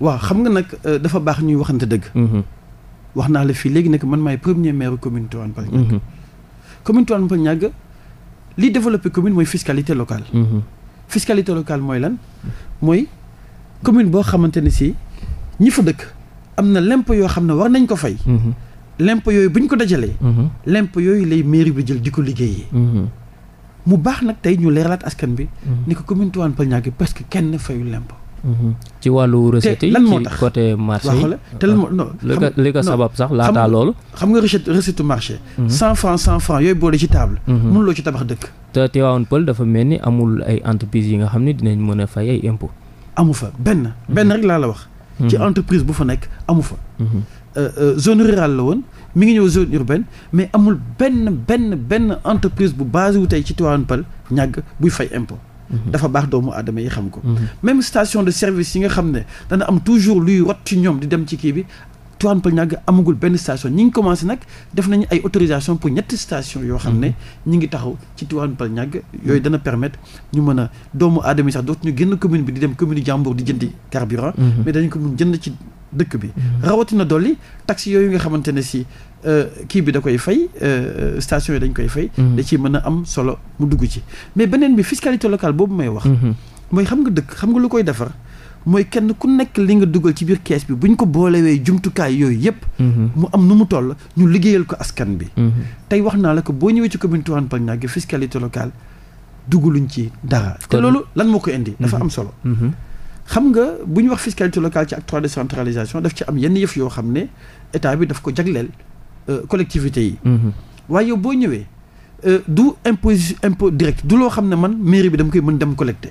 waaw xam nga nag euh, dafa baax ñuy waxante dëgg mhm. wax naa la fii léegi nag man maay premier maire commune Tivaouane Peulh Niaga mhm. commune Tivaouane Peulh Niaga li développé commune mooy fiscalité locale mhm. fiscalité locale mooy lan mooy commune boo xamante ne si ñi fa dëkk am na l'impôt yoo xam ne war nañ ko fay lemp yooyu bu ñu ko dajalee. Mhm. l'impôt yooyu lay mairie bi jël di ko liggéeyee. Mhm. mu baax nag tey ñu leeralaat askan bi. Mhm. ni ko commune Tivaouane Peulh parce que kenn fayul l'impôt. ci wàllu recette yi ci côté marché yi te lan moo tax euh, li ko sabab sax laataa loolu. xam nga recette recette marché. cent franc cent franc yooyu boole ci table. mënuloo ci tabax dëkk. te Tivaouane Peulh dafa mel ni amul ay entreprises yi nga xam ne dinañ mën a fay ay impôts. amu fa benn benn rek laa la wax. ci entreprise bu fa nekk amu fa. Euh, euh, zone rurale la woon mi ngi ñëw zone urbaine mais amul benn benn benn entreprise bu basé wu tey ci Tivaouane Peulh ñàgg buy fay impôt. Mhm. dafa baax doomu aadama yi xam ko. Mhm. même station de service yi nga xam ne dana am toujours luy rot ci ñoom di dem ci kii bi Tivaouane Peulh amagul benn station ñi ngi commencé nag def nañu ay autorisation pour ñett station yoo xam ne mhm. ñu ngi taxaw ci Tivaouane Peulh yooyu dana permettre ñu mën a doomu aadama yi sax dootuñu génn commune bi di dem commune jàmbur di jëndi carburant mhm. mais dañ ko mun jënd ci dëkk bi mhm. rawatina dolli taxi yooyu nga xamante ne si euh, kii bi da koy fay euh, euh, station yi dañ koy fay da ciy mën a am solo mu dugg ci mais beneen bi fiscalité locale boobu may wax mooy xam nga dëkk xam nga lu koy defar mooy kenn ku nekk li nga dugal ci biir kees bi bu ñu ko boolewee jumtukaay yooyu yëpp. Mhm. mu am nu mu toll ñu liggéeyal ko askan bi. Mhm. tey wax naa la ko boo ñëwee ci commune Tivaouane Peulh fiscalité locale duggaluñ ci dara. te loolu lan moo ko indi. dafa mhm. am solo. xam nga bu ñu wax fiscalité locale ci acte trois décentralisation daf ci am yenn yëf yoo xam ne état bi daf ko jagleel euh, collectivités yi. waaye yow boo ñëwee euh, du impôt impôt direct du loo xam ne man mairie bi dama koy mën dem collecté.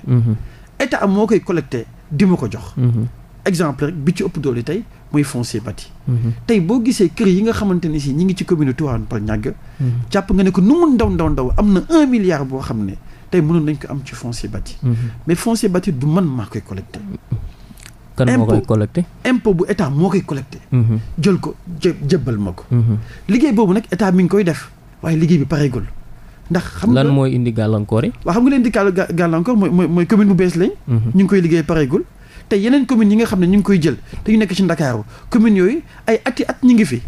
état moo koy collecté di ma ko jox. Mhm. exemple rek bi ci ëpp doole tey mooy foncier bâti. Mhm. tey boo gisee kër yi nga xamante ne si ñi ngi ci commune Tivaouane par ñàgg. Mhm. jàpp nga ne ko nu mu ndaw ndaw ndaw am na un milliard boo xam ne tey mënoon nañ ko am ci foncier bâti. mais foncier bâti du man maa koy collecté. kan moo koy collecté bu état moo koy collecté. jël ko jë jëbbal ma ko. liggéey boobu nag état mi ngi koy def waaye liggéey bi pareegul. ndax xam nga lan mooy indi gàllankoor yi. waaw xam nga leen di gàllankoor mooy mooy mooy commune bu bees lañ. Mhm. ñu ngi koy liggéey pareegul. te yeneen communes yi nga xam ne ñu ngi koy jël te ñu nekk ci Ndakaaru communes yooyu ay ati at ñi ngi fi.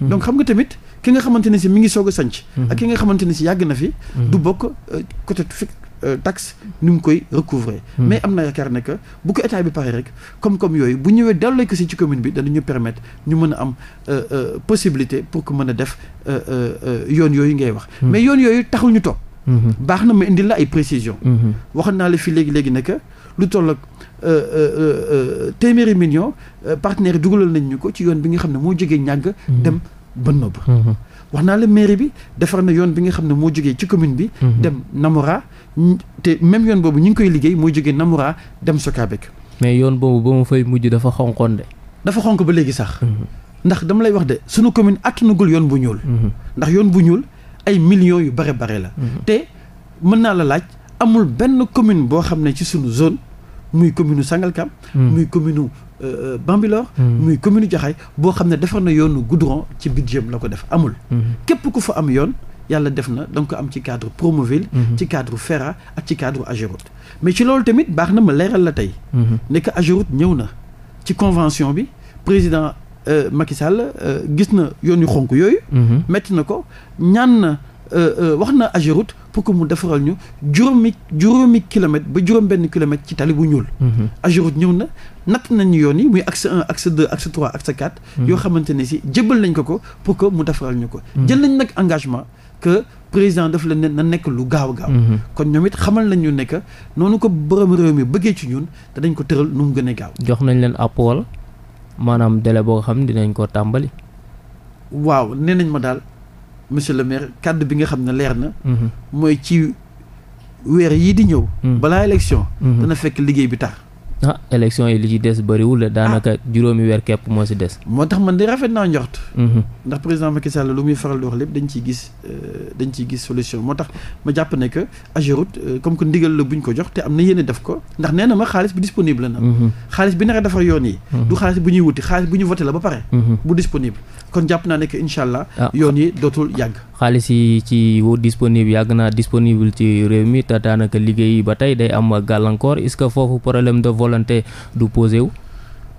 Mhm. donc xam nga tamit ki nga xamante ne si mi ngi soog a sanc. Mhm. ak ki nga xamante ne si yàgg na fi. du bokk euh, fi Euh, tax ni mu koy recouvrer hmm. mais am na yaakaar ne bu ko état bi paree rek comme comme yooyu bu ñëwee delloo ko si ci commune bi danañu permettre ñu mën a am euh, euh, possibilité pour que mën a def yoon yooyu ngay wax hmm. mais yoon yooyu taxu ñu toog hmm. baax na ma indi la ay précision waxoon naa la fi léegi-léegi ne lu toll ak téeméeri million partenaire dugalal nañ ñu ko ci yoon bi nga xam ne moo jógee ñàgg dem ba ba wax naa la mairie bi defar na yoon bi nga xam ne moo jógee ci commune bi. Mhm. dem Namoura te même yoon boobu ñu ngi koy liggéey moo jógee Namoura dem Sokabek. mais yoon boobu ba mu fay mujj dafa xonqoon de. dafa xonq ba léegi sax. Mhm. ndax dama lay wax de sunu commune attanagul yoon bu ñuul. Mhm. ndax yoon bu ñuul ay millions yu bare bare la. te mën naa la laaj amul benn commune boo xam ne ci sunu zone muy commune Sangalkam. muy commune Euh, Bambilor hmm. muy commune Jaxaay boo xam ne defar na yoonu goudron ci budget la ko def amul hmm. képp ku fa am yoon yàlla def na da ko am ci cadre Promoville hmm. ci cadre Fera ak ci cadre Ageroute mais ci loolu tamit baax na ma leeral la tey ne que ñëw na ci convention bi président Euh, Macky Sall euh, gis na yoon yu xonk yooyu. Mm -hmm. métti na ko ñaan na euh, euh, wax na Ageroute pour que mu defaral ñu juróomi juróomi kilomètre ba juróom benn kilomètre ci tali bu ñuul. Mm natt nañu yoon yi muy axe 1 axe 2 axe 3 axe 4. Mm-hmm. yoo xamante ne si jëbal nañ ko ko pour que mu defaral ñu ko. Mm-hmm. jël nañ nag engagement que président daf la ne na nekk lu gaaw a gaaw. Mm-hmm. kon ñoom it xamal nañ ñu ne que noonu ko borom réew mi bëggee ci ñun dañ ko tëral nu mu gën a gaaw. jox nañ leen app wala maanaam délai boo xam ne dinañ ko tàmbali. waaw nee nañ ma daal monsieur le maire kàddu bi nga xam ne leer na. mooy ci weer yii di ñëw. balaa élection. liggéey bi tax ah élection yi li ci des bëriwul daanaka ah. juróomi weer képp moo si des. moo tax man di rafet naa njort. Mhm. ndax président Macky Sall lu muy faral di wax lépp dañ ciy gis euh, dañ solution moo tax ma jàpp ne que Ageroute euh, comme que ndigal la buñ ko jox te am na yéene def ko ndax nee na ma xaalis bi disponible na. Mhm. xaalis bi naka defar yoon yi. Mhm. du xaalis bu ñuy wuti xaalis bu ñu voté la ba pare. bu disponible kon jàpp naa ne que incha allah. Ah. yoon yi dootul yàgg. xaalis yi ci woo disponible yàgg naa disponible ci réew mi te daanaka liggéey yi ba tey day am gàllankoor est-ce que foofu problème de volonté du posé wu.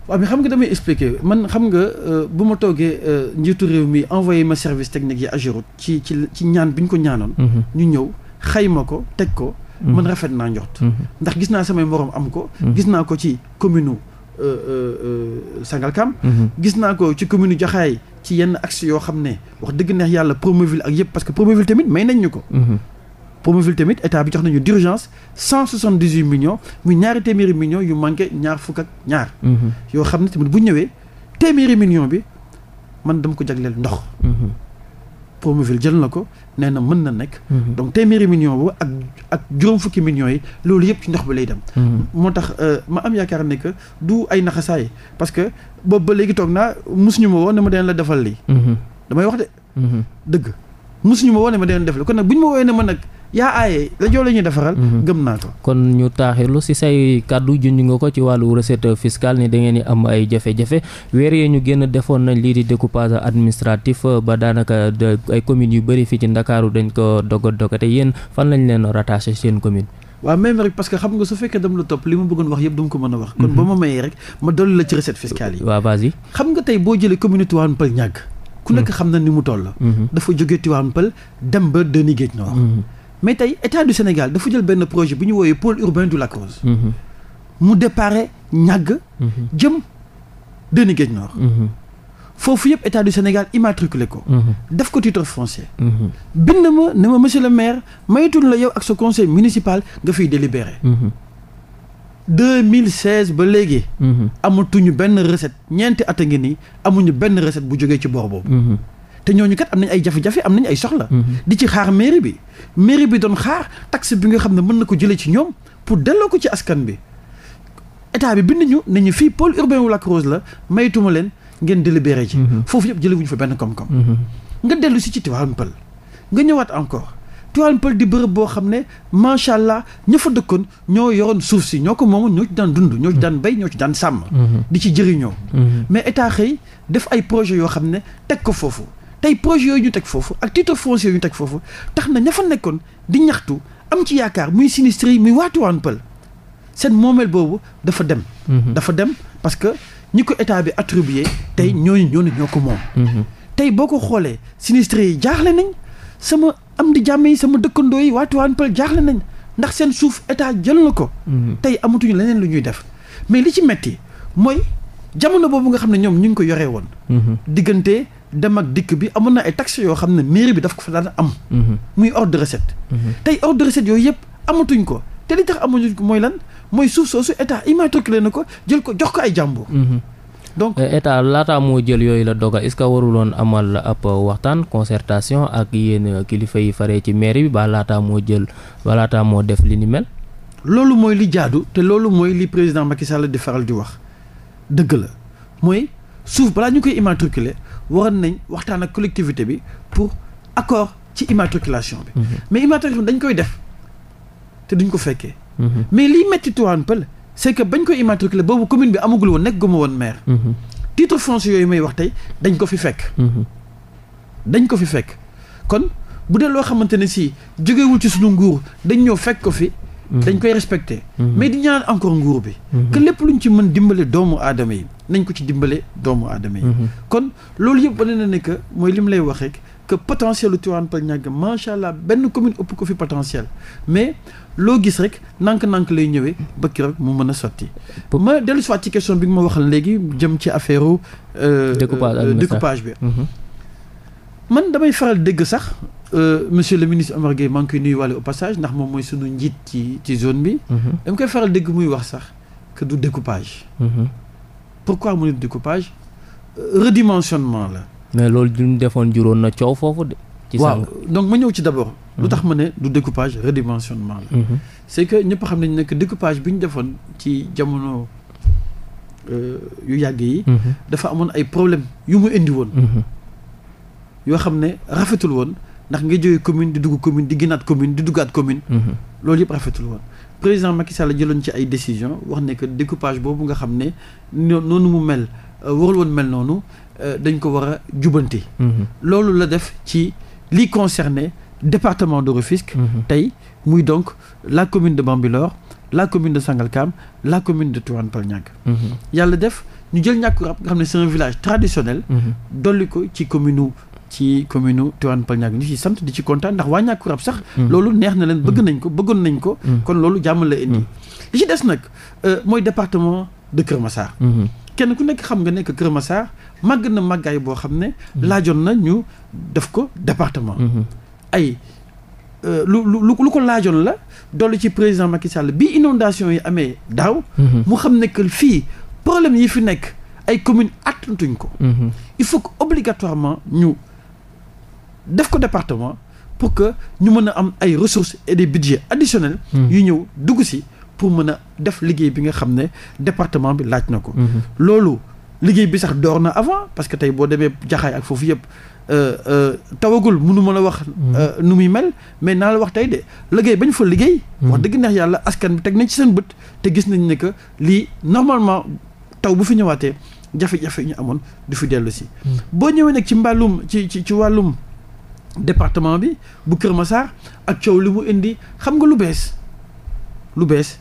waaw mais xam nga damay expliquer man xam nga euh, bu ma toogee euh, njiitu réew mi envoyé ma service technique yi Ageroute ci ci ci ñaan bi ñu ko ñaanoon. Mhm. ñu ñëw xayma ko teg ko. Mhm. man rafet naa njort. Mhm. ndax gis naa samay moroom am ko. gis naa ko ci commune euh, Sangalkam. gis naa ko ci commune Jaxaay ci yenn axe yoo xam ne wax dëgg neex yàlla Promoville ak yëpp parce que Promoville tamit may nañ ñu ko. Mhm. Promoville tamit état bi jox nañu d'urgence cent soixante dix huit millions muy ñaari téeméeri millions yu manqué ñaar fukk ak ñaar. Mhm. yoo xam ne tamit bu ñëwee téeméeri million bi man dama ko jagleel ndox. Mhm. Promoville jël na ko nee na mën na nekk. Mhm. donc téeméeri millions boobu ak ak juróom fukki millions yi loolu yëpp ci ndox bi lay dem. Mhm. moo tax euh, ma am yaakaar ne que du ay naxasaay parce boobu ba léegi toog naa mosuñu ma woo ne ma deen la defal lii. Mhm. damay wax de. dëgg mosuñu ma woo ne ma deen def la kon nag buñ ma woowee ne ma nag. yaa aaye rajo la ñu defaral. Mhm. gëm naa ko. kon ñu taaxirlu si say kàddu junj nga ko ci wàllu recette fiscale ni da ngeen di am ay jafe-jafe weer yee ñu génn defoon nañ lii di découpage administratif euh, ba daanaka ay communes yu bari fii ci Ndakaaru dañ ko dogat dogate yéen fan lañ leen rattaché seen commune. waaw même rek parce que xam nga su fekkee dam la topp li ma bëggoon wax yëpp dama ko mën a wax. kon mhm. ba ma mayee rek ma dolli la ci recette fiscale nga tey boo jëlee commune Tivaouane Peulh ñàgg. ku mhm. nekk xam na ni mu toll. dafa jógee Tivaouane dem ba Denis mais tey état du Sénégal dafa jël benn projet bu ñu woowee pôle urbain du Lac Rose. Mhm. mu dépare ñàgg. Mhm. jëm Deni Géej Nord. Mhm. foofu yëpp état du Sénégal immatriculé ko. def ko titre foncier. bind ma ne ma monsieur le maire maytul la yow ak sa conseil municipal nga fiy délibéré. 2016 ba léegi. amatuñu benn recette ñeenti at a ngi nii amuñu benn recette bu jógee ci boor boobu. te ñooñu kat am nañ ay jafe-jafe am nañ ay soxla. Mm-hmm. di ci xaar mairie bi mairie bi doon xaar taxe bi nga xam ne mën na ko jëlee ci ñoom pour delloo ko ci askan bi état bi bind ñu ne ñu fii pôle urbain wu Lac Rose la maytuma leen ngeen délibéré ci. Mm-hmm. foofu yëpp jëlewuñu fa benn koom-koom. Mm-hmm. nga dellu si ci Tivaouane Peulh nga ñëwaat encore. Tivaouane Peulh di bërëb boo xam ne macha allah ña fa dëkkoon ñoo yoroon suuf si ñoo ko moomoon ñoo ci daan dund ñoo ci daan béy ñoo ci daan sàmm. di ci jëriñoo. mais état xëy def ay projet yoo xam ne teg ko foofu. tey projet yooyu ñu teg foofu ak titre foncier yooyu ñu teg foofu tax na ña fa nekkoon di ñaxtu am ci yaakaar muy sinistre yi muy waatuwaan pël seen moomeel boobu dafa dem. Mhm. dafa dem parce que ñi ko état bi attribué tey mhm. ñoo ñooñu ñooñu ñoo ko moom. Mhm. tey boo ko xoolee sinistre yi jaaxle nañ sama am di jàmm yi sama dëkkandoo yi waatuwaan pël jaaxle nañ ndax seen suuf état jël na ko. tey amatuñu leneen lu ñuy def mais li ci metti mooy jamono boobu nga xam ne ñoom ñu ngi ko yoree woon. dem ak dikk bi amoon na ay taxes yoo xam ne mairie bi daf ko fa daan am. Mhm. muy ordre de recette. Mhm. tey ordre yooyu yëpp amatuñ ko te li tax amatuñ ko mooy lan mooy suuf soosu état immatriculé na ko jël ko jox ko ay jàmbur. Mhm. donc état laataa moo jël yooyu la dogal est-ce que waruloon amal ab waxtaan concertation ak yéen kilifa yi faree ci mairie bi ba laataa moo jël ba laataa moo def li ni mel. loolu mooy li jaadu te loolu mooy li président Macky la di faral di wax dëgg la mooy suuf balaa ñu koy immatriculer waroon nañ waxtaan ak collectivité bi pour accord ci immatriculation bi. Mhm. mais immatriculation dañ koy def te duñ ko fekkee. Mhm. mais lii métti Tivaouane Peulh c' bañ koy immatriculer boobu commune bi amagul woon nekk guma woon maire. Mhm. titre foncier yooyu may wax tey dañ ko fi fekk. ko fi fekk kon bu dee loo xamante ne si jógewul ci suñu nguur dañ ñëw fekk ko fi. dañ koy respecté. mais di ñaan encore nguur bi. que lépp luñ ci mën dimbale doomu aadama yi. nañ ko ci dimbale doomu aadama yi. Mhm. kon loolu yëpp wane na ne que mooy li mu lay wax rek que potentiel lu Tivaouane Peulh macha allah benn commune ëpp ko fi potentiel mais loo gis rek nànk-nànk lay ñëwee ba keroog mu mën a sotti. ma dellu si ci question bi nga ma waxal léegi jëm ci affaire u euh, euh, découpage bi. Mhm. man damay faral dégg sax euh, monsieur le ministre Omar Gueye maa ngi koy nuyuwaale au passage ndax moom mooy sunu njiit ci ci zone bi. Mhm. dama koy faral dégg muy wax sax que découpage. pourquoi mu ne découpage euh, redimensionnement la. mais loolu duñ defoon juróon na coow foofu de. ci waaw donc ma ñëw ci d' abord. lu mhm. tax ma ne du découpage redimensionnement la. Mhm. c' est que ñëpp xam nañ ne que découpage bi ñu defoon ci jamono euh, yu yàgg yi. Mhm. dafa amoon ay problème yu mu indi woon. yoo xam ne rafetul woon ndax nga jógee commune di dugg commune di gënaat commune di duggaat commune. loolu yëpp rafetul woon. président Macky Sall jëloon ci ay décision wax ne que découpage boobu nga xam ne noonu mu mel euh, warul woon mel noonu euh, dañ ko war a jubante mhm. loolu la def ci li concerné département de Rufisque mhm. tey muy donc la commune de Bambilor la commune de Sangalkam la commune de Tivaouane Peulh-Niaga mhm. yàlla def ñu jël ñàkku rab nga xam ne c'est village traditionnel dolli ko ci commune ci commune u Tivaouane Peulh ñu ci sant di ci kontaan ndax waa ñàkku rab sax hmm. loolu neex na leen hmm. bëgg nañ ko bëggoon nañ ko hmm. kon loolu jàmm la indi li ci des nag euh, mooy département de Kër Massar kenn ku nekk xam nga nekk Kër ma Massar màgg na màggaay boo xam ne laajoon na ñu def ko département ay euh, lu lu lu ko laajoon la dolli ci président Macky Sall bi inondation yi amee daaw mu xam ne fii problème yi fi nekk ay commune attantuñ ko il faut que obligatoirement ñu def ko département pour que ñu mën a am ay ressource et des budgets additionnels hmm. yu ñëw dugg si pour mën a def liggéey bi nga xam ne département bi laaj na ko hmm. loolu liggéey bi sax door na avant parce que tey boo demee jaxaay ak foofu yëpp euh, euh, tawagul mënu ma a wax hmm. euh, nu muy mel mais naa la wax tey de liggéey ba ñu fa liggéey wax dëgg neex yàlla askan bi teg nañ ci seen bët te gis nañ ne que lii normalement taw bu fi ñëwaatee jafe-jafe ñu amoon du fi dellu si ci mbàllum département bi bu Kër ma Massar ak coow li mu indi xam nga lu bees lu bees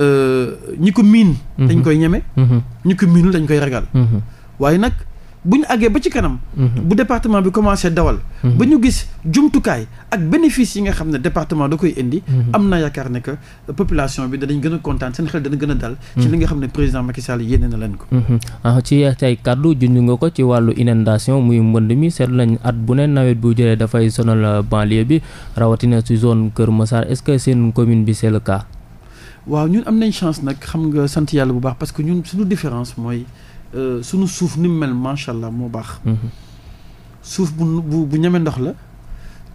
euh, ñi ko miin. Mhm. dañ koy ñeme. Mhm. ñi ko miinul dañ koy ragal. Mhm. waaye nag. bu ñu àggee ba ci kanam. Mhm. bu département bi commencé dawal. Mhm. ba ñu gis jumtukaay ak bénéfice yi nga xam ne département da koy indi. Mhm. am naa yaakaar ne que euh, population bi danañ gën a kontaan seen xel dana gën a dal. ci li nga xam ne président Macky Sall yéene na leen ko. Ah, ci tey kàddu junj nga ko ci wàllu inondation muy mbënd mi seetlu nañ at bu ne nawet bu jëlee dafay sonal euh, banlieue bi rawatina ci zone Kër Massar est-ce que seen commune bi c'est le cas. waaw ñun am nga sant yàlla bu baax parce que ñun suñu différence mooy. Euh, sunu suuf ni mu mel macha allah moo baax. Mhm. suuf bu bu bu ñeme ndox la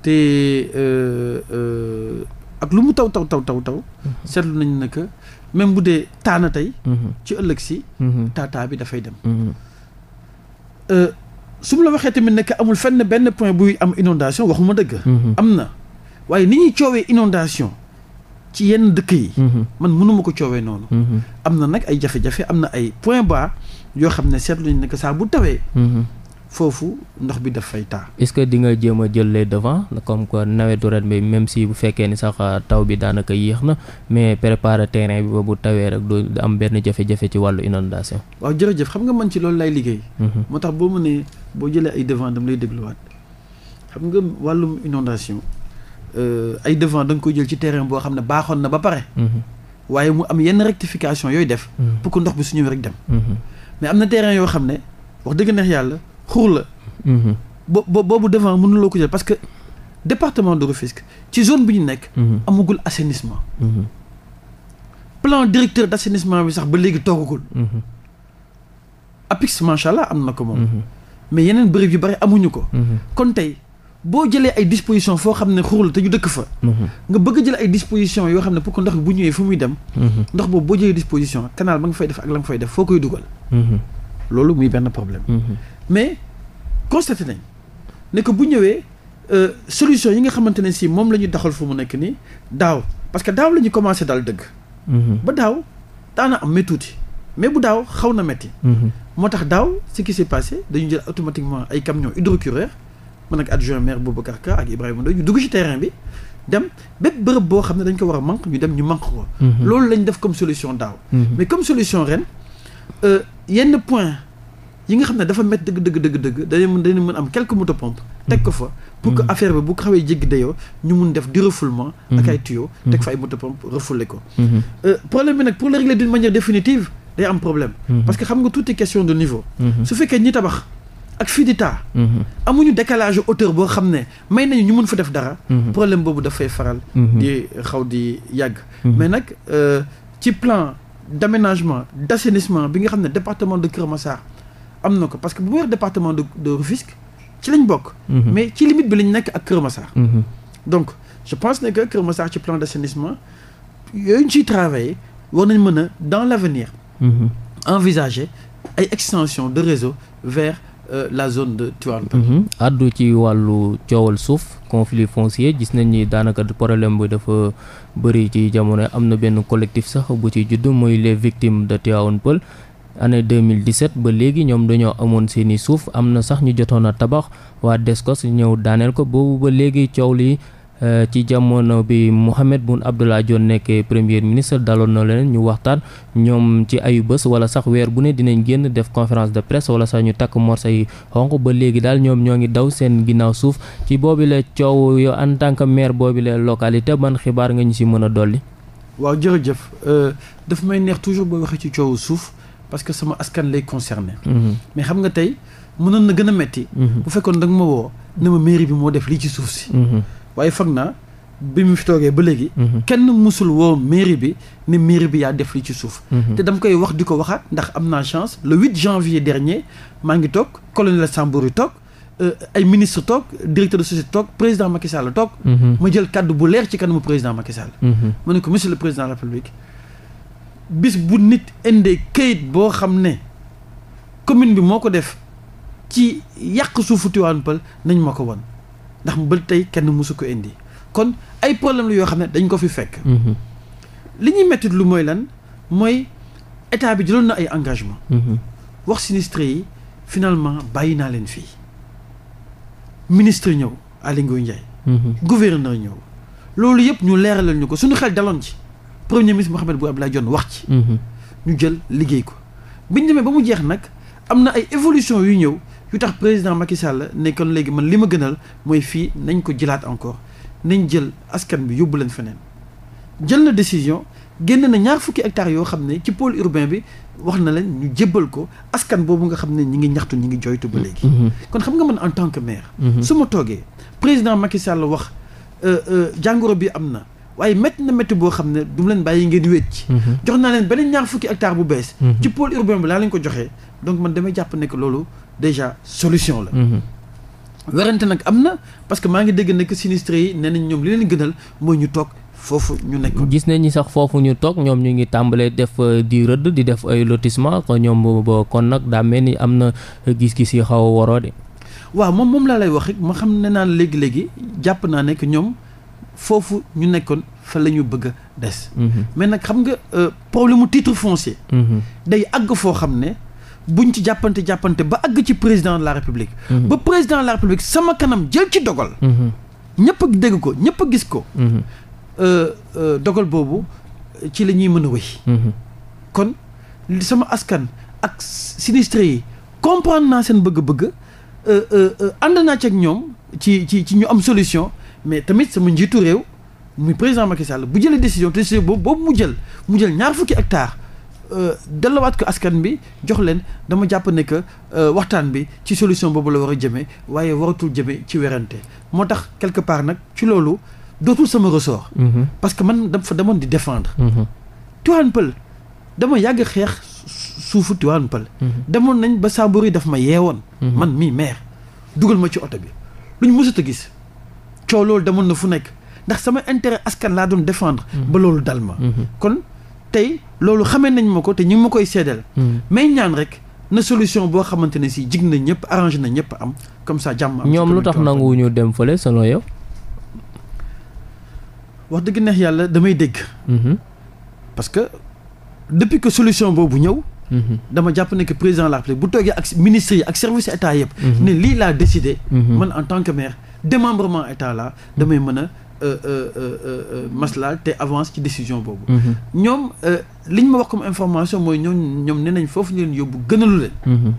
te euh, euh, ak lu mu taw taw taw taw taw. Mhm. seetlu nañ ne que même bu dee taana tey. Mhm. ci ëllëg si. taataa bi dafay dem. su mu la waxee tamit ne amul fenn benn point buy am inondation waxuma dëgg. am na waaye ni ñuy coowee inondation ci yenn dëkk yi. man mënuma ko coowee noonu. am na nag ay jafe-jafe am na ay point bas. yoo xam ne seetlu nañ ne que saa bu tawee. Mhm. foofu ndox bi daf fay taa. est-ce que di nga jéem a jël les devants comme que nawetu ren bi même si bu fekkee ni sax euh, taw bi daanaka yéex na mais préparer terrain bi ba tawee rek doo am benn jafe-jafe ci wàllu inondation. waaw jërëjëf xam nga man ci loolu lay liggéey. Mhm. moo tax boo mënee boo jëlee ay devant dam lay dégluwaat xam nga wàllum inondation euh, ay devant da koy jël ci terrain boo xam ne baaxoon na ba pare. Mhm. waaye mu am yenn rectification yooyu def. ndox bi su ñëw rek dem. mais am na terrain yoo xam ne wax dëgg neex yàlla xuur la. Mhm. bo boobu devant mënuloo ko jël parce que département de Rufisque ci zone bi ñu nekk. Mhm. amagul assenissement mhm. plan directeur d' assainissement bi sax ba léegi toogagul. APIX macha allah am na ko moom. mais yeneen béréb yu bari amuñu ko. kon tey boo jëlee ay disposition foo xam ne xurul te ñu dëkk fa mhm. nga bëgg jël ay disposition yoo xam ne pour que ndox bi bu ñëwee fu muy dem mhm. ndox boobu boo jëlee disposition canal ba nga fay def ak la nga fay def foo koy dugal mhm. loolu muy benn problème mais constaté nañ ne que bu ñëwee euh, solution yi nga xamante ne si moom la ñu doxal fu mu nekk nii daaw parce que daaw la ñu commencé daal dëgg ba daaw daana am métuuti mais bu daaw xaw na métti moo tax daaw ce qui s'est passé dañu jël automatiquement ay camions man ak adjoint maire Boubacar Ka ak Ibrahima Ndoye ñu dugg ci terrain bi dem bépp bërëb boo xam ne dañ ko war a manque ñu dem ñu manque ko mhm. loolu lañ def comme solution daaw mhm. mais comme solution ren euh, yenn point yi nga xam ne dafa met dëgg dëgg dëgg dëgg dañu mën dañu mën am quelques moto pompe teg ko fa pour que mhm. affaire bi bu ko xawee jéggi dayoo ñu mun def du refoulement ak ay tuyaux teg fa ay moto pompe refoulé ko euh, problème bi nag pour le régler d'une manière définitive am problème parce que xam nga tout est question de niveau su fekkee ñi tabax ak FIDITA. Mhm. amuñu décalage hauteur boo xam ne may nañu ñu mën fa def dara. Mhm. problème boobu dafay faral. Mhm. di xaw di yàgg. mais nag euh, ci plan d'aménagement d'assainissement bi nga xam ne département de Kër Massar am na ko parce que bu wér département de de ci lañ bokk. mais ci limite bi lañ nekk ak Kër Massar. donc je pense ne que Kër Massar ci plan d'assainissement yooyu ñu ciy travailler war nañ mën a dans l'avenir. envisager ay extension de réseau vers. Euh, la zone de Tivaouane mhm. addu ci wàllu coowal suuf conflit foncier gis nañ ni daanaka problème bi dafa bëri ci jamono am na benn collectif sax bu ci judd mooy les victimes de Tivaouane Peulh année 2017 ba léegi ñoom dañoo amoon seeni suuf am na sax ñu jotoon a tabax waa Descos ñëw daaneel ko boobu ba léegi coow li Eh, ci jamono bi Mohamed Boun Abdallah Dionne nekkee premier ministre daloon na leen ñu waxtaan ñoom ci ayu bés wala sax weer bu ne dinañ génn def conférence de presse wala sax ñu takk morso yi xonq ba léegi daal ñoom ñoo ngi daw seen ginnaaw suuf ci boobi la coow yow en tant que maire boobi la localité ban xibaar nga ñu si mën a dolli. waaw jërëjëf euh, daf may neex toujours boo waxee ci coowu suuf parce que sama askan lay concerné. Mhm. mais xam nga tey mënoon a mhm. ma bi moo def ci suuf si. Mhm. waaye foog naa bi mu fi toogee ba léegi. Mhm. kenn mosul woo mairie bi ne mairie bi yaa def li ci suuf. Mhm. te dama koy wax di ko waxaat ndax am naa chance le 8 janvier dernier maa ngi toog colonel Sambourou toog. Euh, ay ministre toog directeur de toog président Macky Sall toog. Mhm. ma jël kàddu bu leer ci kanamu président Macky Sall. ma ne ko monsieur le président République bis bu nit indee kayit boo xam ne commune bi moo ko def ci yàq suufu Tivaouane nañ ma ko won ndax ba tey kenn mosu ko indi kon ay problème la yoo xam ne dañ ko fi fekk. Mm-hmm. li ñuy mettit lu mooy lan mooy état bi jëloon na ay engagement mm-hmm. wax sinistré yi finalement bàyyi naa leen fii ministre ñëw Aly Ngouille Ndiaye mm-hmm. gouverneur ñëw loolu yëpp ñu leeralal ñu ko suñu xel daloon ci premier ministre Mahammed Boun Abdallah Dionne wax ci ñu jël liggéey ko biñ demee ba mu jeex nag am na ay évolution yu ñëw yu tax président Macky Sall ne kon léegi man li ma gënal mooy fii nañ ko jëlaat encore nañ jël askan bi yóbbu leen feneen jël na décision génn na ñaar fukki hectares yoo xam ne ci pôle urbain bi wax na leen ñu jébbal ko askan boobu nga xam ne ñu ngi ñaxtu ñu ngi jooytu ba léegi. Mm-hmm. kon xam nga man en tant que maire. Mm-hmm. su ma toogee président Macky la wax euh, euh, jàngoro bi am na. waaye mett na métti boo xam ne du leen bàyyi ngeen wécc. Mm-hmm. jox naa leen beneen ñaar fukki hectare bu bees. ci pôle urbain déjà solution la. Mhm. werante nag am na parce que maa ngi dégg nekk sinistre yi nee nañ ñoom li leen gënal mooy ñu toog foofu ñu nekkoon. gis nañ ñi sax foofu ñu toog ñoom ñu ngi tàmbalee def euh, di rëdd di def ay lotissement kon ñoom kon nag daa mel ni am na gis-gis yi xaw a waroo de. waaw moom moom laa lay wax rek ma xam ne naan léegi léegi jàpp naa nekk ñoom foofu ñu nekkoon fa la ñu bëgg a des. Mhm. mais nag xam nga euh, problème mu titre foncier. Mhm. day àgg foo xam ne. buñ ci jàppante jàppante ba àgg ci président de la république. Mhm. ba président de la république sama kanam jël ci dogal. Mhm. ñëpp a dégg ko ñëpp a gis ko. Mhm. Euh, euh, dogal boobu ci la ñuy mën a wéy. kon sama askan ak sinistré yi comprendre naa seen bëgg-bëgg euh, ànd naa ci ak ñoom ci ci ci ñu am solution mais tamit sama njiitu réew muy président Macky Sall bu jëlee décision te décision boobu boobu mu jël mu jël ñaar fukki hectares. Euh, delluwaat ko askan bi jox leen dama jàpp ne que euh, waxtaan bi ci solution boobu la war a jëmee waaye waratul jëmee ci werante moo tax quelque part nag ci loolu dootul sama ressort. Mhm. parce que man dama fa demoon di défendre. Mhm. Tivaouane dama yàgg xeex suufu Tivaouane mhm. demoon nañ ba Sambour yi daf ma yeewoon. man mii maire dugal ma ci oto bi lu ñu mësut a gis coow loolu demoon na fu nekk ndax sama intérêt askan laa doon défendre. ba loolu dal ma kon. tey loolu xamee nañ ma ko te ñu ngi ma koy seedeel hmm. mais ñaan rek na solution boo xamante ne si jig na ñëpp arrangé na ñëpp am comme ça jàmm am ñoom lu tax nanguwuñu dem fële selon yow dëgg neex yàlla damay dégg mm-hmm. parce que depuis que solution boobu ñëw mm-hmm. dama jàpp ne que président de la République bu toogee ak ministres yi ak service état yëpp mm-hmm. ne lii laa décidé man en tant que maire démembrement état la damay mën a Euh, euh, euh, maslaa te avance ci décision boobu. Mhm. ñoom li ñu ma wax comme information mooy ñoom ñoom nee nañ foofu ñu leen yóbbu gënalu leen. Mhm.